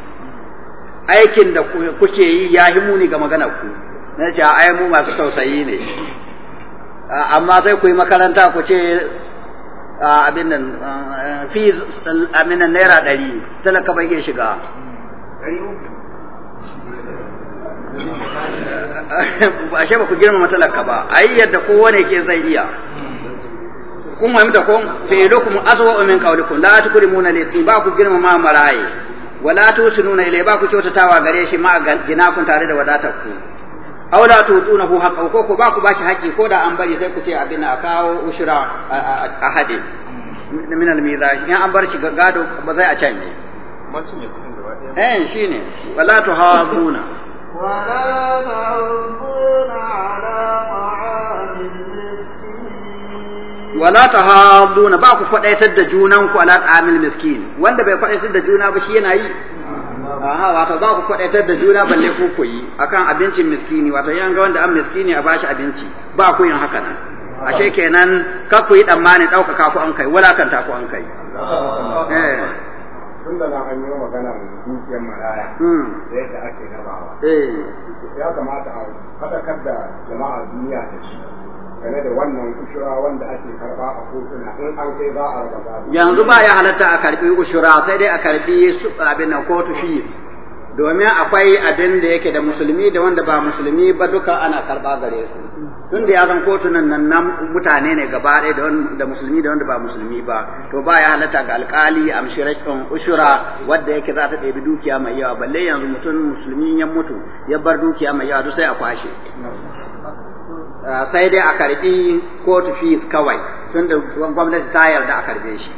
aikin da kuke yi ya yi muni ga magana ku na ce a mu masu tausayi ne amma sai ku yi makaranta ku ce abin nan fi abin nan naira ɗari talaka bai iya shiga a ba ku girmama talaka ba a yi yadda kowane ke zai iya kun fahimta kun fi'ilukum azwa min qawlikum la tukrimuna li ba ku girmama maraye wala sununa ilai ba ku kyautatawa gare shi ma gina kun tare da wadatar ku aw la hu haqqahu ko ko ba ku bashi haƙi ko da an bari sai ku ce abin a kawo ushura a hade min al miza in an bar shi gado ba zai a can eh, ne eh shine wala hazuna wala hazuna ala wala ta tahaduna ba ku kwadaitar da junan ku ala amil miskin wanda bai kwadaitar da juna ba shi yana yi aha wato ba ku kwadaitar da juna balle ku yi akan abincin miskini wato yan ga wanda an miskini a bashi abinci ba ku yin haka nan ashe kenan ka ku yi dauka ka ku an kai wala wulakanta ku an kai eh tun da an yi magana dukiyar maraya hmm. da yadda ake gabawa eh. ya kamata a fadakar da jama'a duniya da shi game da wannan ushura wanda ake karba a kotuna in an kai za a raba yanzu ba ya halatta a karbi ushura sai dai a karbi su abin nan kotu shi domin akwai abin da yake da musulmi da wanda ba musulmi ba duka ana karba gare su tun da ya zan kotunan nan nan mutane ne gaba ɗaya da musulmi da wanda ba musulmi ba to ba ya halatta ga alkali a mashirakin ushura wadda yake za ta ɗabi dukiya mai yawa balle yanzu mutum musulmi ya mutu ya bar dukiya mai yawa duk sai a kwashe Eh, sai dai a karbi kotu fees kawai tunda gwamnati ta yarda a karbe shi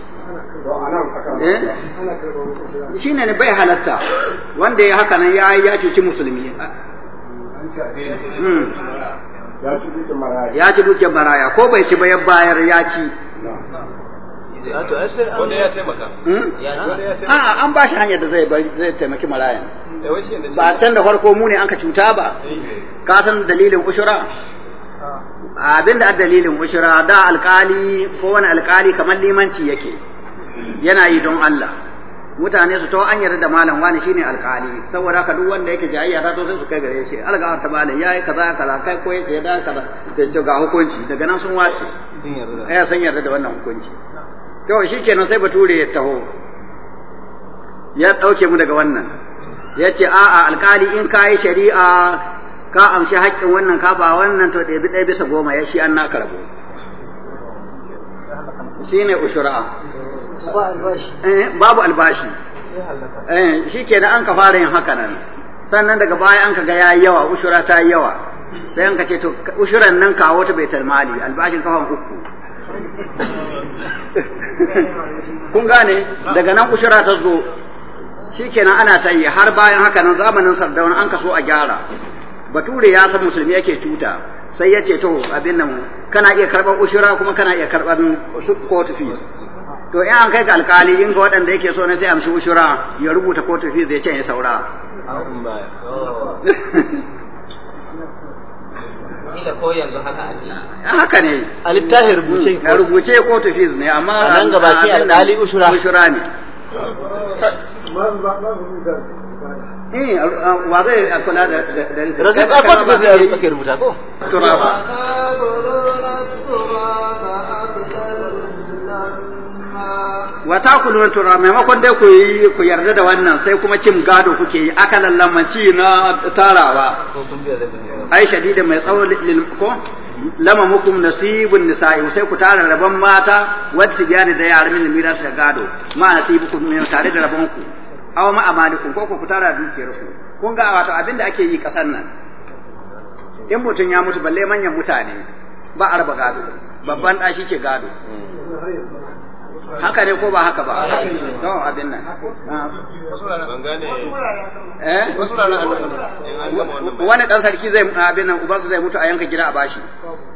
eh? shi ne bai halatta wanda ya haka nan ya cuci musulmi hmm. ya ci duke maraya ko bai ci bayan bayar ya ci hmm? an ba shi hanyar da zai taimaki marayan eh, ba can da farko mu ne an ka cuta ba ka san dalilin ushura abin da dalilin bushra da alkali ko wani alkali kamar limanci yake yana yi don Allah mutane su to an yarda da malam wani shine alkali saboda haka duk wanda yake jayayya ta to sai su kai gare shi alga ta malam yayi kaza kaza kai ko yace da kaza to ga hukunci daga nan sun wace eh san yarda da wannan hukunci to shikenan sai bature ya taho ya dauke mu daga wannan yace a'a alkali in kai shari'a ka amshi haƙƙin wannan ka ba wannan to ɗebi ɗaya bisa goma ya shi an na karɓo. shi ne ushura eh, babu albashi eh, shi ke an ka fara yin haka nan sannan daga baya an ka ga ya yi yawa ushura ta yi yawa sai an ka ce to ushuran nan kawo ta bai talmali albashin kafan uku kun gane daga nan ushura ta zo shi kenan ana ta yi har bayan haka nan zamanin sardauna an kaso a gyara bature ya san musulmi yake cuta sai ya ce to abin nan kana iya karɓar ushura kuma kana iya karɓar court fees to in an kai ga alkali in ga waɗanda yake so ne sai amshi ushura ya rubuta court fees ya ce ya saura haka ne a littafin rubuce hmm. rubuce court fees ne amma a nan gaba ke alkali ushura ushura ne Eh, eh wa zai eh, kula da da da zai rubuta ko? maimakon dai ku yi ku yarda da wannan sai kuma cin gado kuke yi aka lallamanci na tarawa. Ai shadida mai tsawo lil lama hukum nasibun nisa'i sai ku tara rabon mata wacce gani da yaran min gado ma nasibukum min tare da rabon ku Awa ma amalikum ko ku fitara dukiyar ku kun ga wato abin da ake yi kasar nan in mutum ya mutu balle manyan mutane ba arba gado babban da shi ke gado haka ne ko ba haka ba don abin nan eh? wani dan sarki zai abin nan su zai mutu a yanka gida a bashi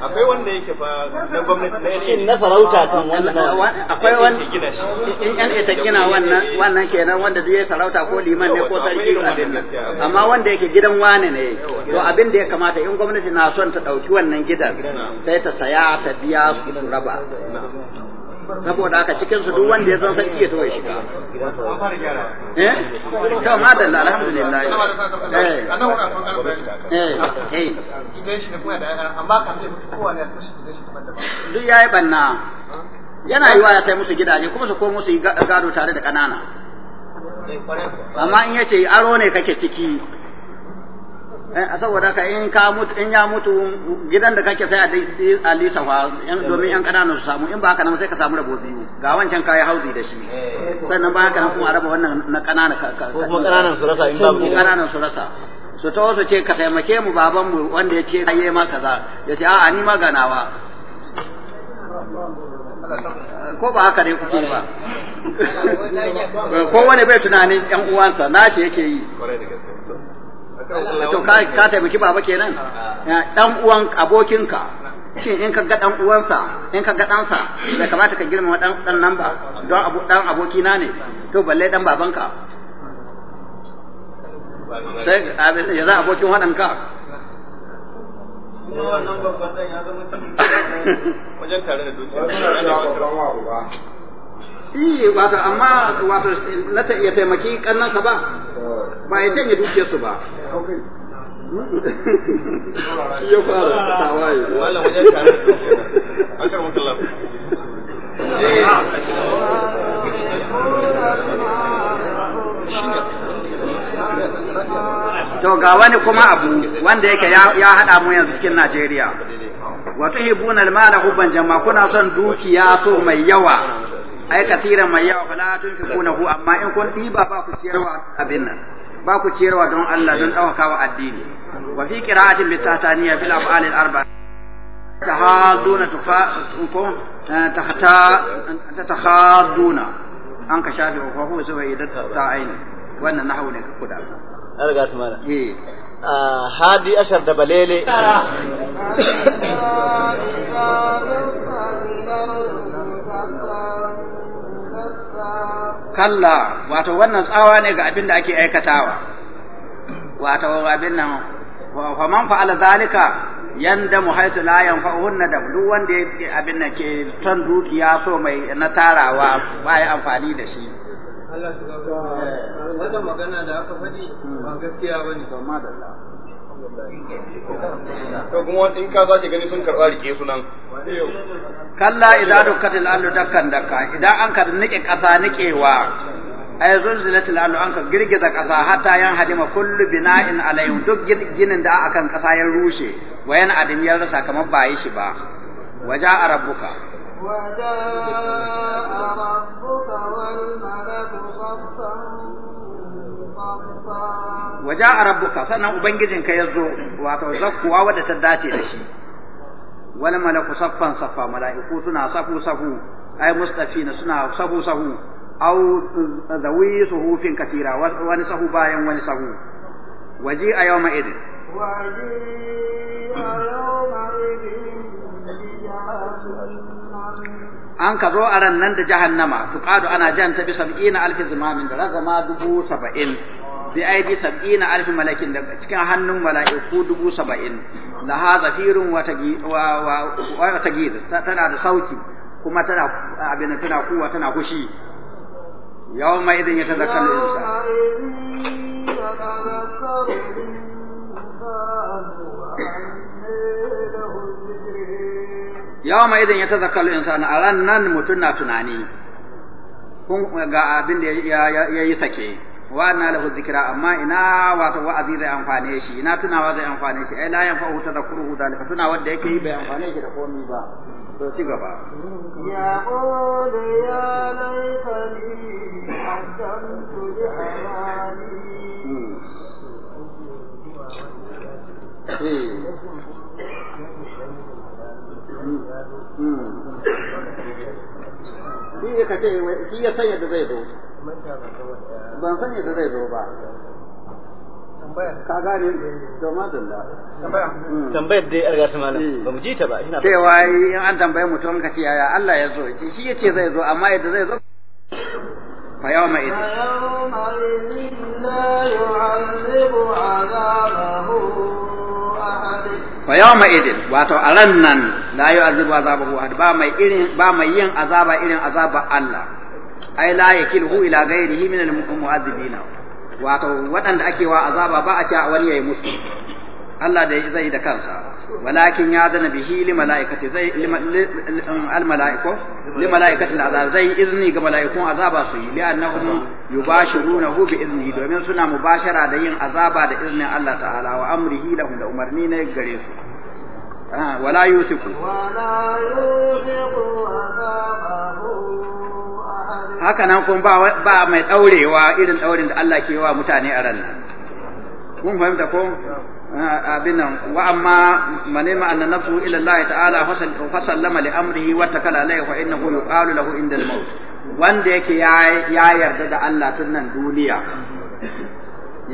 akwai wanda yake fa na gwamnati na shin na sarauta kan wannan akwai wanda gina shi in yan ita gina wannan wannan kenan wanda zai sarauta ko liman ne ko sarki ko abin nan amma wanda yake gidan wane ne to abin da ya kamata in gwamnati na son ta dauki wannan gidan sai ta saya ta biya su raba saboda haka cikin su duk wanda ya zama sarki ya to ya shiga eh to madalla alhamdulillah eh eh eh amma kan kowane su shi duk yayi banna yana yi wa ya sai musu gidaje kuma su komo su gado tare da kanana eh, amma in yace aro ne kake ciki Eh, saboda ka in ka mutu in ya mutu gidan da kake sai a lisafa domin yan kananan su samu in ba haka nan sai ka samu rabo biyu ga wancan kai hauzi da shi sannan ba haka nan kuma raba wannan na kanana ko kuma kananan su rasa in babu kananan su rasa su to su ce ka taimake mu baban mu wanda ya ce kaye ma kaza ya ce a'a ni ganawa ko ba haka ne kuke ba ko wani bai tunanin yan uwansa nashi yake yi to ka taimaki baba kenan ah. dan uwan abokinka shin in ka ga dan uwansa in ka ga ɗansa bai kamata ka girma dan dan nan ba don abu dan aboki na ne to balle dan babanka sai ya za abokin waɗanka wajen tare da dukiya Iyi wato amma wato na ta iya taimaki kannansa ba ba ya janye dukiyarsu ba. Ya fara tawaye. Wala wajen tare da Aka mutala. To ga wani kuma abu wanda yake ya haɗa mu yanzu cikin Najeriya. Wato hibunal mala hubban jama'a kuna son dukiya so mai yawa ai kasiran mai yawa fala tunfiqunahu amma in kun diba ba ku ciyarwa abin nan ba ku ciyarwa don Allah don dawakawa addini wa fi qira'atin bi tataniya fil af'al al arba tahaduna tahta an ka shafi zuwa idan wannan ne ka kuda an riga mala eh hadi ashar da balele kalla wato wannan tsawa ne ga abin da ake aikatawa wato abin nan fa man fa'ala zalika yanda muhaitu la yanfa'uhunna da duk wanda abin nan ke ton dukiya so mai na tarawa ba ya amfani da shi Allah su eh. magana da aka faɗi hmm. ba gaskiya ba ne. Ba kuma in ka gani sun karɓa rike su nan. Kalla idan dukkatil allu dakkan idan an ka nike ƙasa nikewa ay zulzilatil allu an ka girgiza ƙasa hatta yan hadima kullu bina'in alayhi duk ginin da akan ƙasa ya rushe wayan adam ya rasa kamar ba yi shi ba waja rabbuka وجاء ربك والملك صفا صفا وجاء ربك wato zakkuwa wadda ta dace da shi wal malaku saffan saffa mala'iku suna safu safu ai mustafina suna safu safu au zawi suhufin katira wani sahu bayan wani sahu waji a yawma idin waji a yawma idin an ka zo a ran nan da jahannama tuqadu ana janta bi sab'ina alfi zimamin da ragama dubu saba'in bi aidi sab'ina alfi malakin da cikin hannun mala'iku dubu saba'in la ha zafirun wa tagid tana da sauki kuma tana abin tana kuwa tana kushi yawma idan ya tazakkaru insa tazakkaru yawon idan ya tazakar zakalu insana a ran nan mutum na tunani kun ga abin da ya yi sake wa na lahu zikira amma ina wata wa'azi zai amfane shi ina tunawa zai amfane shi ai la zakuru tadhakkuruhu dalika tuna wanda yake yi bai amfane shi da komai ba to ci gaba ya qulu ya laitani qaddamtu li hayati shi ya shi ya san yadda zai zo ban san yadda zai zo ba ka gane hmm. tambayar dai an gasa malam eh. ba mu ji ta ba ina cewa in an tambaye mutum ka ce yaya Allah ya zo shi yace zai zo amma yadda zai zo fa yawma idin yawma idin la yu'azzibu 'adabahu fa yawma idin wato a ran nan la yu'azibu azabahu ba mai irin ba mai yin azaba irin azaba Allah ai la yakilhu ila ghairihi min al mu'adhibina wato waɗanda ake wa azaba ba a cewa wani yayi musu Allah da zai da kansa walakin ya zana bihi li malaikati zai um, al malaiko li malaikati al azab zai izini ga malaikun azaba su yi li annahum yubashirunahu bi izni domin suna mubashara da yin azaba da iznin Allah ta'ala wa amrihi lahum da umarni ne gare su ah, wala yusiku wala yusiku haka nan kun ba mai daurewa irin daurin da Allah ke wa mutane a ran kun fahimta ko abinan wa amma manima anna nafsu ila Allah ta'ala fa sallama li amrihi wa takala alayhi fa innahu yuqalu lahu inda al-maut wanda yake ya yarda da Allah tun nan duniya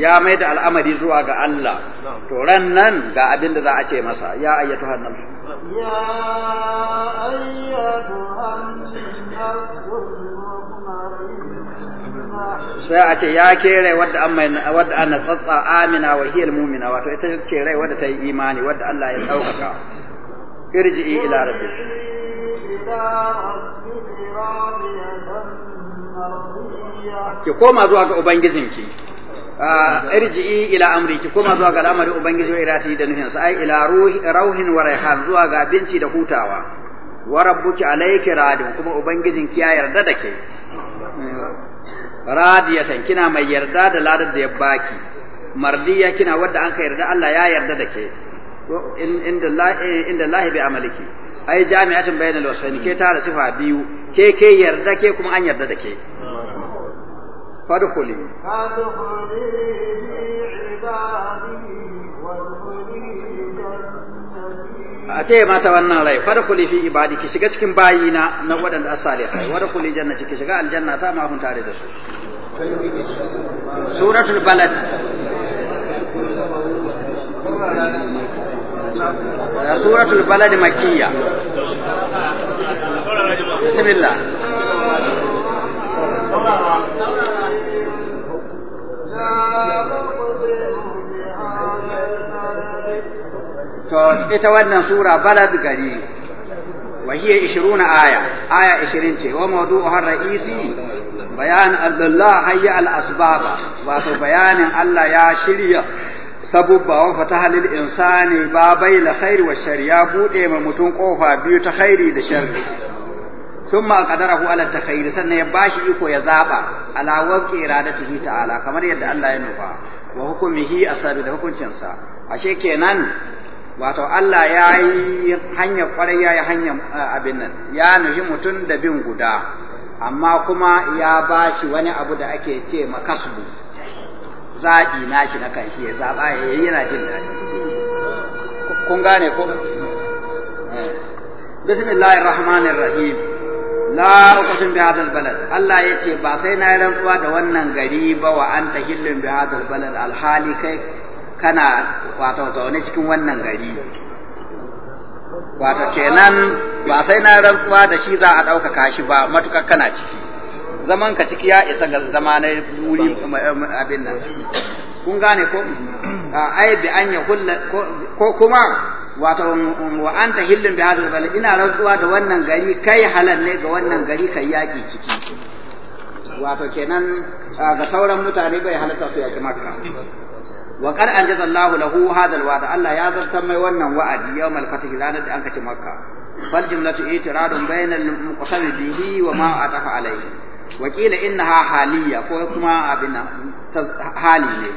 ya mai da al'amari zuwa ga Allah to ran nan ga abin da za a ce masa ya ayyatu hannun ya ayyatu hannun sai a ce ya ke rai wadda an mai wadda an tsatsa amina wa hiya almu'mina wato ita ce rai wadda ta yi imani wadda Allah ya daukaka irji ila rabbi ki koma zuwa ga ubangijinki ah, irji ila amri ki koma zuwa ga al'amari ubangiji wa irati da nufin sai ila ruhi rauhin wa raihan zuwa ga abinci da hutawa wa rabbuki alayki radin kuma ubangijinki ya yarda da ke radiyatan kina mai yarda da ladar da ya baki mardiya kina wadda an ka yarda Allah ya yarda da ke inda inda lahi bi amaliki ai jami'atin bainal wasaini ke tara sifa biyu ke ke yarda ke kuma an yarda da ke fadkhuli fadkhuli ibadi a ce mata wannan rai fadkhuli fi ibadi ki shiga cikin bayina na waɗanda asalihai wadkhuli jannati ki shiga aljanna ta ma hun tare da su suratul balad suratul balad makkiya bismillah to ita wannan sura balad gari wa hiya 20 aya aya 20 ce wa har ra'isi bayan Allah hayya al asbaba wato bayanin Allah ya shirya sabubba wa fataha lil insani babai la khair wa shar ya bude ma mutum kofa biyu ta khairi da sharri kadara qadarahu ala takhair sannan ya bashi iko ya zaba ala waqi iradatihi ta'ala kamar yadda Allah ya nufa wa hukumihi asabi da hukuncinsa ashe kenan wato Allah ya yi hanyar kwarai ya yi hanyar eh, abin nan ya nufi mutum da bin guda amma kuma ya ba shi wani abu da ake ce makasubu zaɓi na shi na kan shi ya zaɓa ya yi yana jin daɗi kun gane ko eh. bismillahir rahmanir rahim la uqsim bi hadal balad Allah yace ba sai na yi rantsuwa da wannan gari ba wa anta hillun bi hadal balad alhali kai kana wato zaune cikin wannan gari wato kenan ba sai na rantsuwa da shi za a ɗaukaka shi ba matukar kana ciki zaman ka ciki ya isa ga zama na wuri abin nan kun gane ko ai bi an ya hulla ko kuma wato wa anta hillin bi hadal bal ina rantsuwa da wannan gari kai halal ne ga wannan gari kai yaki ciki wato kenan ga sauran mutane bai halatta su yaki makka wa qad anjaza Allah lahu hadha alwa'd Allah ya zartar mai wannan wa'adi yawmal fath ranar da anka ci makka fal jumlatu itiradun bainal muqsam bihi wa ma atafa alayhi wa qila innaha haliyya ko kuma abina hali ne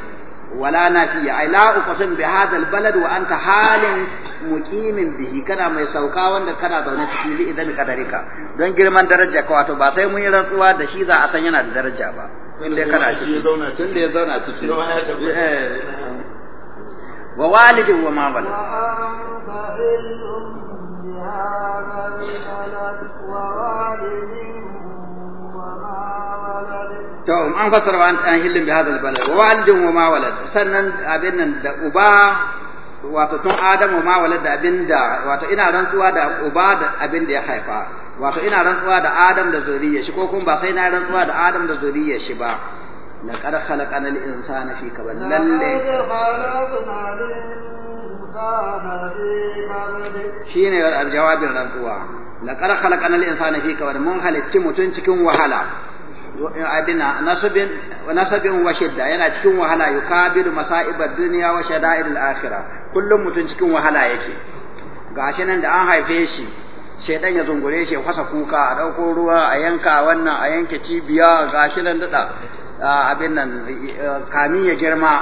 wala nafiya ai la uqsim bi hadha al balad wa anta halin muƙimin bihi kana mai sauka wanda kana zaune ciki li idan kadarika don girman daraja ka wato ba sai mun yi rantsuwa da shi za a san yana da daraja ba tun da kana ciki tun da ya zauna ciki eh. wa walidin wa ma to an fasara wa an hillin bi hadal balad wa walidin wa ma walad sannan abin nan da uba wato tun adamu ma walad da abin da wato ina rantsuwa da uba da abin da ya haifa wato ina rantsuwa da adam da zuriyar shi ko kuma ba sai na rantsuwa da adam da zuriyar shi ba لقد خلقنا الإنسان في كبد لقد خلقنا الإنسان الجواب الرضوع لقد خلقنا الإنسان في كبد من هل تموتون تكون وهلا abina nasabin nasabin wa shidda yana cikin wahala yukabilu masa'ibad dunya wa shada'idil akhirah kullum mutun cikin wahala yake gashi nan da an haife shi shaidan ya zungure shi fasa kuka a ɗauko ruwa a yanka wannan a yanke cibiya gashi nan dada abin nan e, kamin ya girma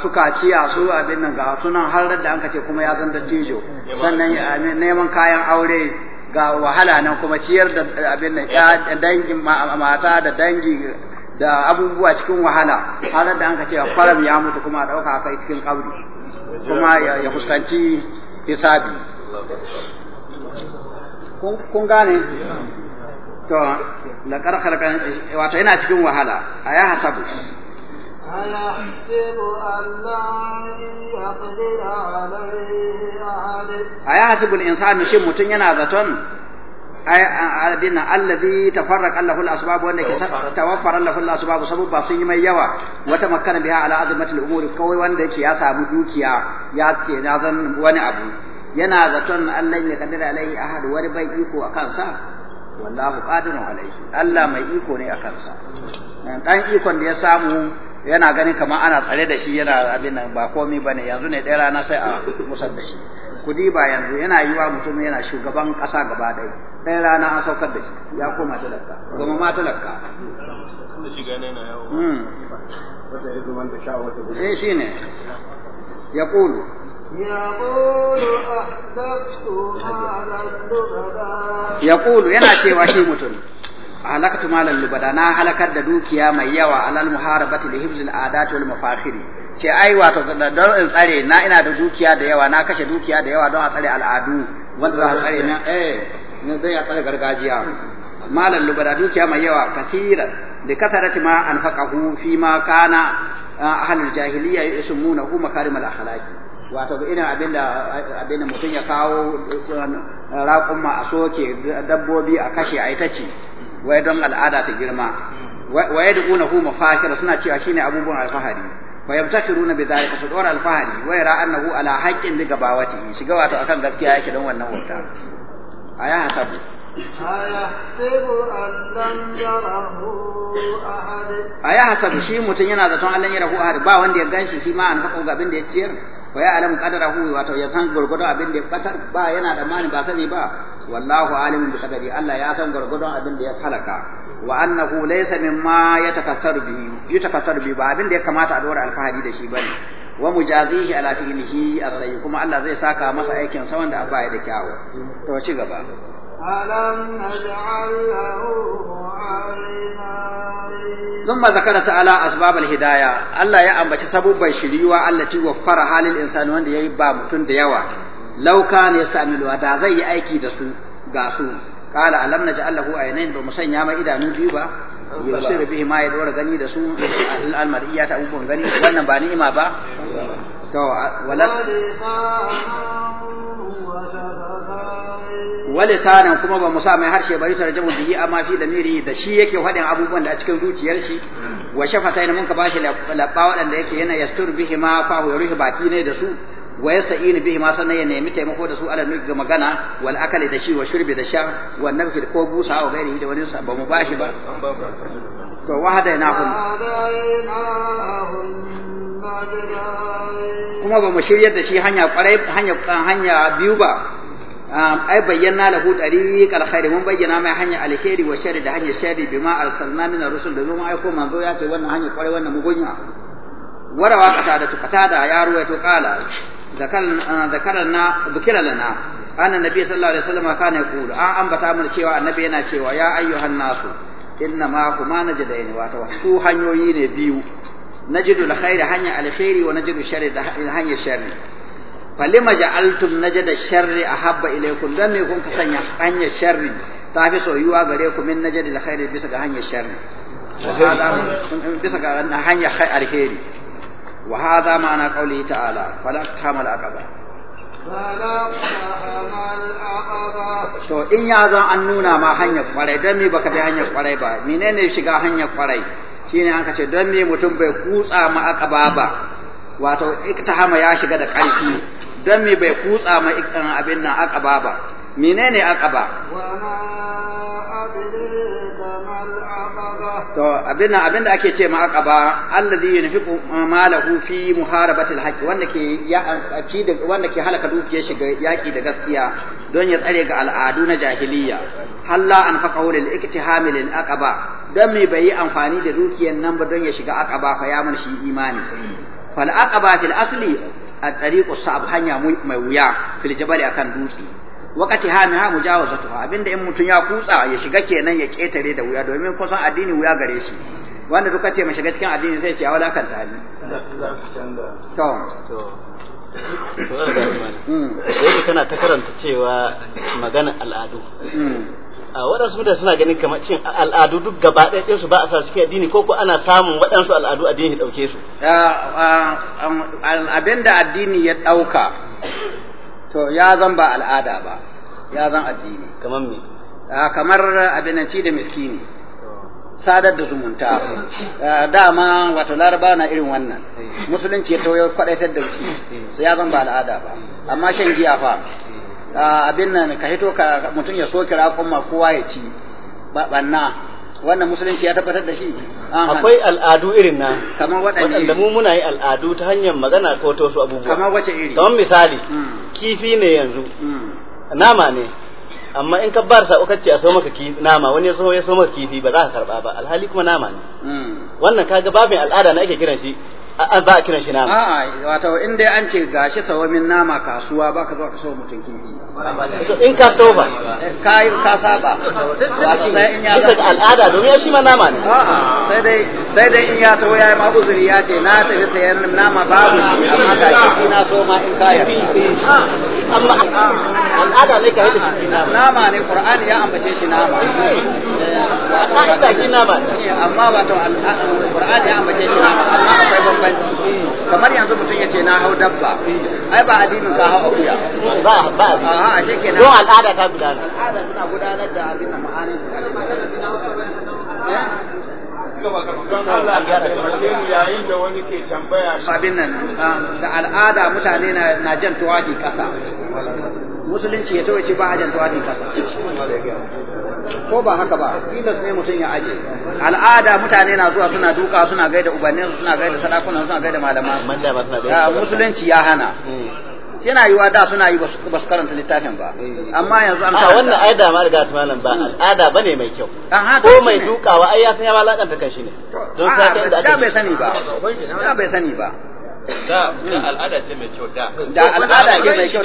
suka ci a su abin nan ga sunan har da an kace kuma ya zan dattijo sannan neman kayan aure ga wahala nan kuma ciyar da abin nan ya dangi mata da dangi da abubuwa cikin wahala har da an kace faram ya mutu kuma a dauka kai cikin kabri kuma ya fuskanci hisabi kun gane to laqad kan wato yana cikin wahala aya hasabu aya hasabu al insani shin mutun yana zaton abin allazi tafarraqa lahu al-asbab wanda ke tawaffar allahu al-asbab ba sun yi mai yawa wata makana biya ala azmati al kawai wanda yake ya samu dukiya ya ce na zan wani abu yana zaton Allah ya kaddara alai ahad wani bai iko akan sa wallahu qadirun alaihi Allah mai iko ne a kansa dan ikon da ya samu yana ganin kamar ana tsare da shi yana abin nan ba komai bane yanzu ne ɗaya rana sai a musar da shi kudi ba yanzu yana yi wa mutum yana shugaban ƙasa gaba ɗaya ɗaya rana an saukar da shi ya koma talaka goma ma talaka hmm. eh shi ne ya ƙulu yaqulu yana cewa shi mutum halaktu malan lubada na halakar da dukiya mai yawa alal muharabati li hibzil adat wal mafakhiri ce ai wato don in tsare na ina da dukiya da yawa na kashe dukiya da yawa don a tsare al'adu wanda za a tsare na eh ne zai a tsare gargajiya malan lubada dukiya mai yawa kathira da kasarati ma anfaqahu fi ma kana ahlul jahiliya yasmunahu makarimal akhlaqi wato irin abinda abinda mutum ya kawo raƙumma a soke dabbobi a kashe a ita ce wai don al'ada ta girma kuna huma fakira suna cewa shine abubuwan alfahari fa yabtakhiruna bi dhalika su dora alfahari wai ra annahu ala haqqin bi gabawati shiga wato akan gaskiya yake don wannan wata aya hasabu aya hasabu shi mutum yana zaton Allah ya rahu ahad ba wanda ya ganshi shi ma an faɗo ga abin da ya ciyar wa ya alamu qadarahu wato ya san gurgudo abin da ya batar ba yana da mani ba sani ba wallahu alimun bi kadari Allah ya san gurgudo abin da ya halaka wa annahu laysa mimma yatakassaru bi yatakassaru bi ba abin da ya kamata a dora alfahari da shi bane wa mujazihi ala a asai kuma Allah zai saka masa aikin sa wanda abba ya da kyawu to ci gaba ألم نجعل له عينين ثم ذكر تعالى أسباب الهداية الله يا أمبا سبب شريوة التي وفرها للإنسان وأن يبا متن ديوا لو كان يستعملها دا زي أيكي دسو غاسو قال ألم نجعل له عينين بمسنيا ما إذا نجيبا yusir bihi ma ya dora gani da su almar'iyya ta abubuwan gani wannan ba ni'ima ba to kuma ba mu sa mai harshe ba yutar jamu bihi amma fi damiri da shi yake faɗin abubuwan da a cikin zuciyar shi wa shafa sai mun ka bashi labba waɗanda yake yana yastur bihi ma fa hu baki ne da su wa yasta'in bihi ma sannan ya nemi taimako da su ala ga magana wal akali da shi wa shurbi da sha wa nafkil ko busa wa gairi da wani ba mu bashi ba to wahadainahum kuma ba mu shiryar da shi hanya kwarai hanya hanya biyu ba ah, ai bayyana lahu tariqal khair mun bayyana mai hanya alheri wa shari da hanya shari bima arsalna min ar-rusul da mun aiko manzo ya ce wannan hanya kwarai wannan mugunya warawa kata da tukata da ya ruwaito kala ah, zakarna zukira lana anna nabi sallallahu alaihi wasallam kana yaqulu an ambata mun cewa annabi yana cewa ya ayyuhan nasu inna ma kuma najdaini wato su hanyoyi ne biyu da alkhairi hanya alkhairi wa najidu sharri da hanya sharri falima ja'altum najda sharri ahabba ilaykum dan me kun kasanya hanya sharri ta fi soyuwa gare ku min da alkhairi bisa ga hanya sharri wa hada bisa ga hanya alkhairi wa hada ma'ana qawli ta'ala fala tamal aqaba To in ya zan an nuna ma hanyar kwarai don me baka bi hanyar kwarai ba menene shiga hanyar kwarai shine an kace don me mutum bai kutsa ma akaba ba wato hama ya shiga da ƙarfi don me bai kutsa ma abin nan akaba ba menene akaba wa ma to abinda abinda ake ce ma aqaba allazi yunfiqu malahu fi muharabati alhaqi wanda ke ya aki da wanda ke halaka dukiyar shi ga yaki da gaskiya don ya tsare ga al'adu na jahiliya halla an lil iktihami lil aqaba dan mai bai yi amfani da dukiyar nan ba don ya shiga aqaba fa ya shi imani fal aqaba fil asli at-tariqu sab hanya mai wuya fil jabal akan dutse wakati ha miha mujawazatuha abinda in mutun ya kutsa ya shiga kenan ya ketare da wuya domin kusan addini wuya gare shi wanda duka ce shiga cikin addini zai ce a walakan ta ni to to mm. kana ta karanta cewa maganar al'adu mm. a waɗansu mutane suna ganin kamar cin al'adu duk gaba ɗaya ɗinsu ba a sa suke addini ko ko ana samun waɗansu al'adu addini ɗauke su abinda addini ya ɗauka to ya zan ba al'ada ba ya zan addini kamar me ah, kamar abinanci da miskini sadar da zumunta ah, dama wato laraba na irin wannan eh. musulunci ya tauye kwadaitar da shi so eh. ya zan ba al'ada ba amma shan giya fa eh. ah, abin nan ka hito ka mutum ya so kira kuma kowa ya ci banna wannan musulunci ya tabbatar da shi akwai al'adu irin na kamar waɗanda mu muna yi al'adu ta hanyar magana ko ta wasu abubuwa kamar wace iri kamar misali hmm. kifi ne yanzu hmm. nama ne amma in ka bar sa'o kace a so maka kifi nama wani so ya so maka kifi ba za ka karba ba alhali kuma nama ne hmm. wannan kaga babin al'ada na ake kiran shi ba a kiran shi nama a'a wato in dai an ce gashi sawamin nama kasuwa ba ka zo ka sawo mutum kifi in ka so ba ka ka saba sai in ya ga al'ada domin shi ma nama ne a'a sai dai sai dai in ya tawo yayi ma uzuri ya ce na tafi sayan nama babu shi amma ga kifi na so ma in ka amma al'ada ne ka yi hada nama Nama ne qur'ani ya ambace shi nama ba ta ita ki nama amma wato qur'ani ya ambace shi nama amma akwai bambanci kamar yanzu mutum ya ce na hau dabba ai ba addinin ka hau akuya ba ba a ashe kenan don al'ada ta gudana al'ada suna gudanar da abin da ma'anin da eh? abin nan ah, da al'ada mutane na jan tuwaki kasa musulunci ya tawaci ba a jan tuwaki kasa ko ba haka ba tilas ne mutum ya aje al'ada mutane na zuwa suna duka suna gaida ubanninsu suna gaida sadakunan suna gaida malaman musulunci ya hana yana yiwa da suna yi ba su karanta littafin ba amma yanzu an karanta wannan ai da ma riga malam ba al'ada bane mai kyau ko mai dukawa ai ya san ya malakanta kan shi ne don sai da bai sani ba da bai sani ba da al'ada ce mai kyau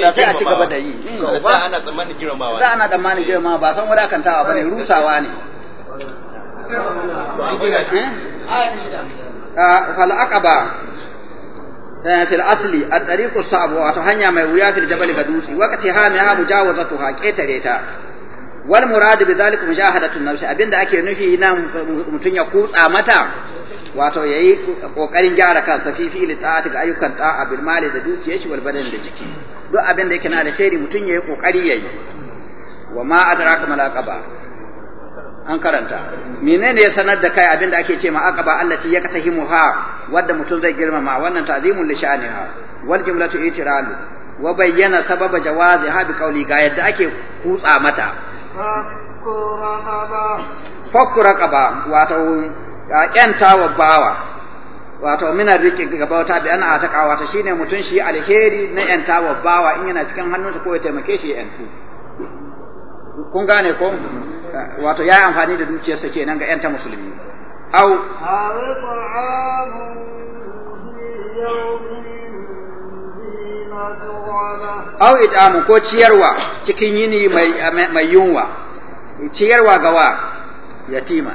da sai a ci gaba da yi Za hmm. ana tsammanin girmamawa da ana tsammanin ba san wadakantawa ne eh. rusawa ne eh? ah, fal aqaba eh, fil asli a tariqu as ta hanya mai wuya fil jabal ga dutse wakati ha mai ha haƙe ketare ta wal muradu bi zalika mujahadatu nafsi abinda ake nufi na mutun ya kutsa mata wato yayi kokarin gyara kansa fi fi ta'ati ga ayyukan ta'a bil mali da dukiyar wal badan da jiki duk abinda yake na da sheri mutun yayi kokari yayi wa ma adraka mal aqaba an karanta menene ya sanar da kai abinda ake ce ma aqaba allati ha, wadda mutun zai girmama wannan ta'zimul li sha'niha wal jumlatu itiralu wa bayyana sababa ha bi qawli ga yadda ake kutsa mata fakku raqaba wato yanta wa bawa wato mina riƙe gaba wata bi ana ta kawata shine mutum shi alheri na yanta wa bawa in yana cikin hannunsa ko ya taimake shi ya yantu kun gane ko wato ya amfani da dukiyarsa kenan ga yanta musulmi au yawmin aw it'amu ko ciyarwa cikin yini mai mai yunwa ciyarwa ga wa yatima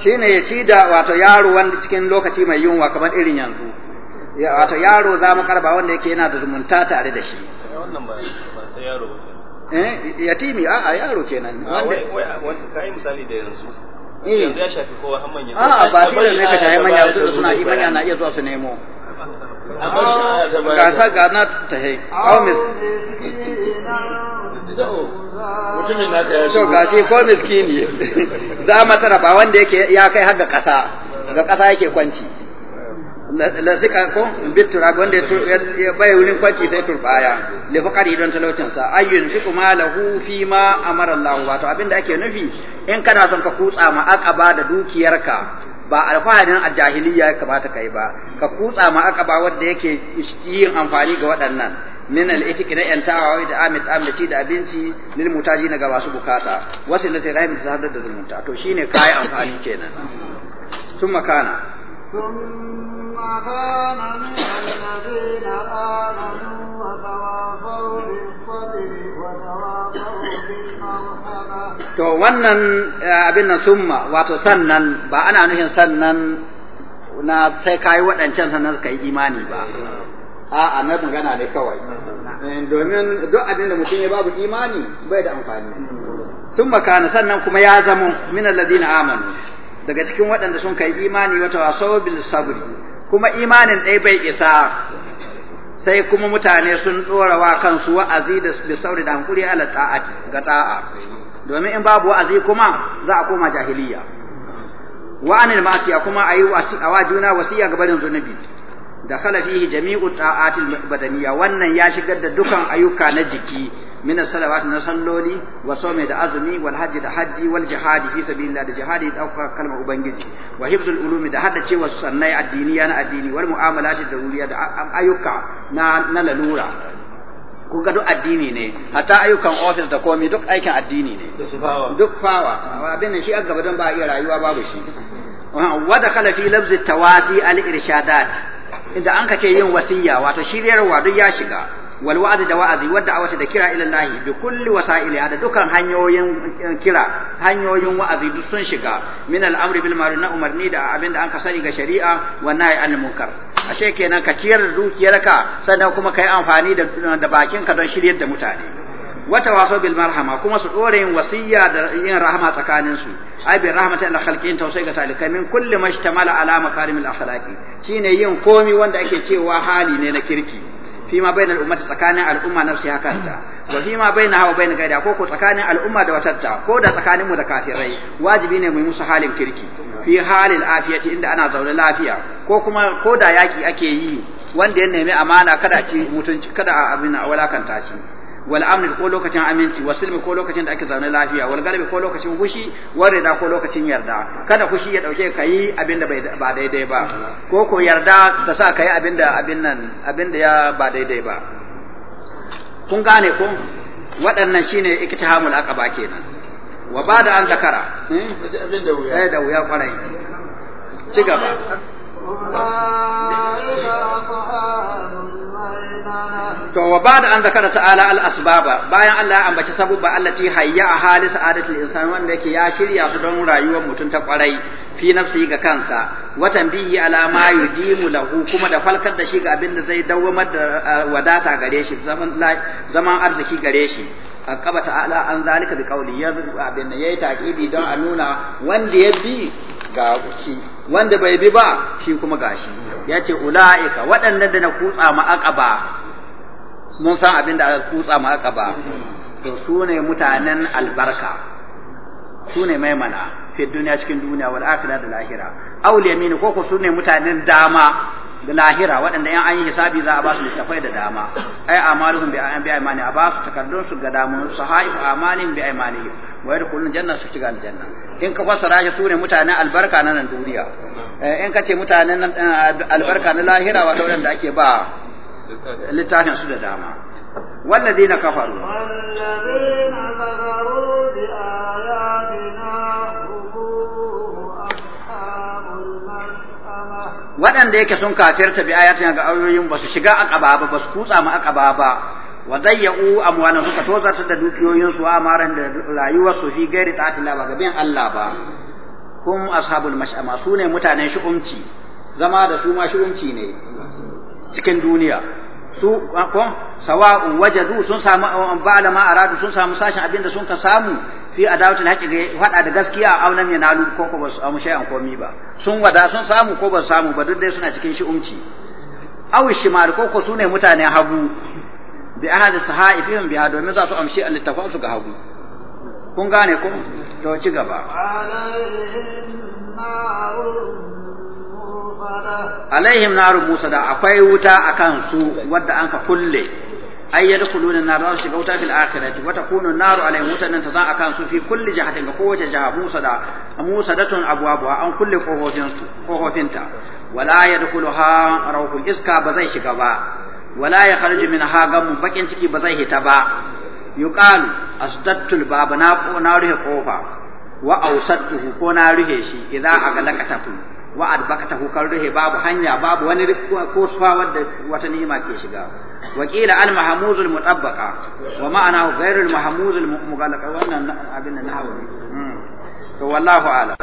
shine ya ci da wato yaro wanda cikin lokaci mai yunwa kamar irin yanzu wato yaro za mu karba wanda yake yana da zumunta tare da shi wannan ba yaro eh yatimi a yaro kenan ah, wanda kai misali da yanzu Eh. yanzu ya shafi kowa a ah, ba ne ka shafi manya manya na su nemo gasa ga ko miskini za ba wanda yake ya kai har ga kasa ga kasa yake kwanci lazika ko bitura wanda ya bai wurin kwanci sai turbaya li faqari don talaucin sa ayyun kuma lahu fi ma amara Allah wato abinda ake nufi in kana son ka kutsa ma aqaba da dukiyarka ba alfaharin a jahiliya ya kamata kai ba ka kutsa ma aqaba wanda yake yin amfani ga waɗannan min al na yan tawa da amit amlati da abinci lil mutaji na ga masu bukata wasu da rahim da sadar da zumunta to shine kai amfani kenan tun makana to wannan eh, abin nan summa wato sannan ba ana nufin sannan na sai kayi waɗancan sannan suka yi imani ba a'a na magana ne kawai eh, domin duk abin da mutum ya babu imani bai da amfani Summa kana sannan kuma ya zama min alladina amanu daga cikin waɗanda sun kai imani wata wasau bil sabri kuma imanin ɗai bai isa sai kuma mutane sun ɗora wa kansu wa'azi da saurin da hankuri ala ta'ati ga ta'a domin in babu wa'azi kuma za a koma jahiliya Wa'anin ma'asiya kuma a ayi wa juna wasiya ga barin zunubi da khalafi jami'u ta'atil badaniya wannan ya shigar da dukan ayyuka na jiki min as-salawat na salloli wa sawmi da azumi walhaji da hajji wal jihadi fi sabilillah da jihadi da dauka kalmar ubangiji wa hifzul ulumi da hada cewa sannai addiniya na addini wal mu'amalat da wuriya na lalura kun duk addini ne hatta ayyukan ofis da komai duk aikin addini ne duk fawa abin nan shi an gaba don ba a iya rayuwa babu shi wa da kala fi lafzi tawasi al irshadat inda an kace yin wasiya wato wa duk ya shiga Walwa'azi da wa'azi wa da'awati da kira ila Allah bi kulli wasa'ili da dukan hanyoyin kira hanyoyin wa'azi duk sun shiga min al amri bil ma'ruf na umarni da abinda an sani ga shari'a wa nahi anil munkar ashe kenan ka ciyar da dukiyarka sannan kuma ka yi amfani da bakinka don shiryar da mutane wata waso bil marhama kuma su dore yin wasiya da yin rahama tsakanin su ai bi rahmati al khalqin tausayi ga talikai min kulli mashtamala ala makarimil akhlaqi shine yin komi wanda ake cewa hali ne na kirki Fima ma bainal ummati tsakanin al'umma nafsi ta, wa fi ma bainaha wa bain gaida ko ko tsakanin al'umma da watatta ko da tsakanin mu da kafirai wajibi ne muyi musu halin kirki fi halil afiyati inda ana zaune lafiya ko kuma ko da yaki ake yi wanda ya nemi amana kada ci mutunci kada a abin a walakanta shi wal amn ko lokacin aminci wa ko lokacin da ake zaune lafiya wal galbi ko lokacin hushi wa rida ko lokacin yarda kada hushi ya dauke ka yi abinda ba daidai ba ko ko yarda ta sa ka yi abinda abin nan abinda ya ba daidai ba kun gane ko waɗannan shine iktihamul aqaba kenan wa ba da an zakara hmm? eh da wuya kwarai ci gaba to wa ba da an zakara ta'ala al asbaba bayan Allah ya ambaci sabubba ci hayya a hali sa'adatul insan wanda yake ya shirya su don rayuwar mutum ta kwarai fi nafsi ga kansa watan bihi ala ma yudimu lahu kuma da falkar da shi ga abin da zai dawwamar da wadata gare shi zaman zaman arziki gare shi akaba ta'ala an zalika bi qawli ya abin da yayi taqibi don a nuna wanda ya bi ga uci wanda bai bi ba shi kuma gashi ya ce ula'ika waɗannan da na kutsa ma'aƙaba mun san abin da aka kutsa ma'aƙaba to su ne mutanen albarka su ne maimana fi duniya cikin duniya wal akhirah da lahira aw yamini ko ko su ne mutanen dama lahira waɗanda yan an yi hisabi za a ba su littafai da dama ai amaluhum bi an bi aymani a ba su takardun su ga damun su haif amalin bi aymani wa yadkhulun janna su shiga aljanna in ka fassara shi sune mutanen albarka na nan duniya eh, in ka ce mutanen eh, albarka na lahira wato waɗanda ake ba littafin su da dama والذين كفروا والذين كفروا بآياتنا waɗanda yake sun kafirta bi ayatin ga ayoyin ba su shiga akaba ba ba su kutsa ma akaba ba wa dayyu amwalan suka tozarta da dukiyoyin su amaran da rayuwar su fi gairi ta Allah ba ga bin Allah ba kum ashabul mash'ama sune mutanen shi'umci zama da su ma shi'umci ne cikin duniya su ko sawa wajadu sun samu ba'ala ma aradu sun samu sashin abinda sun ka samu fi adawatul haqqi ga fada da gaskiya aw lam yanalu ko ko basu amu an komi ba sun wada sun samu ko su samu ba duk dai suna cikin shi umci aw shimar ko ko sune mutane hagu bi ahad sahaifihim biha domin za su amshi littafan su ga hagu kun gane ko to ci gaba alaihim naru musa akwai wuta akan su wadda an ka kulle ay yadkhuluna nar za su shiga wuta fil akhirati wa takunu nar alaihim nan ta za akan su fi kulli jahatin ga kowace jaha musa da musa datun abwabu an kulle kohofin su ta wala yadkhuluha rauhul iska ba zai shiga ba wala ya kharju minha gamun bakin ciki ba zai hita ba yuqalu asdattul baba na na ruhe kofa wa awsattuhu ko na ruhe shi idan aka lakata wa adbakatahu kan ruhe babu hanya babu wani ko suwa wadda wata ni'ima ke shiga wa qila al mahmuzul mutabbaqa wa ma'ana ghairul mahmuzul mughallaqa wannan abin da nahawi hmm. to wallahu a'lam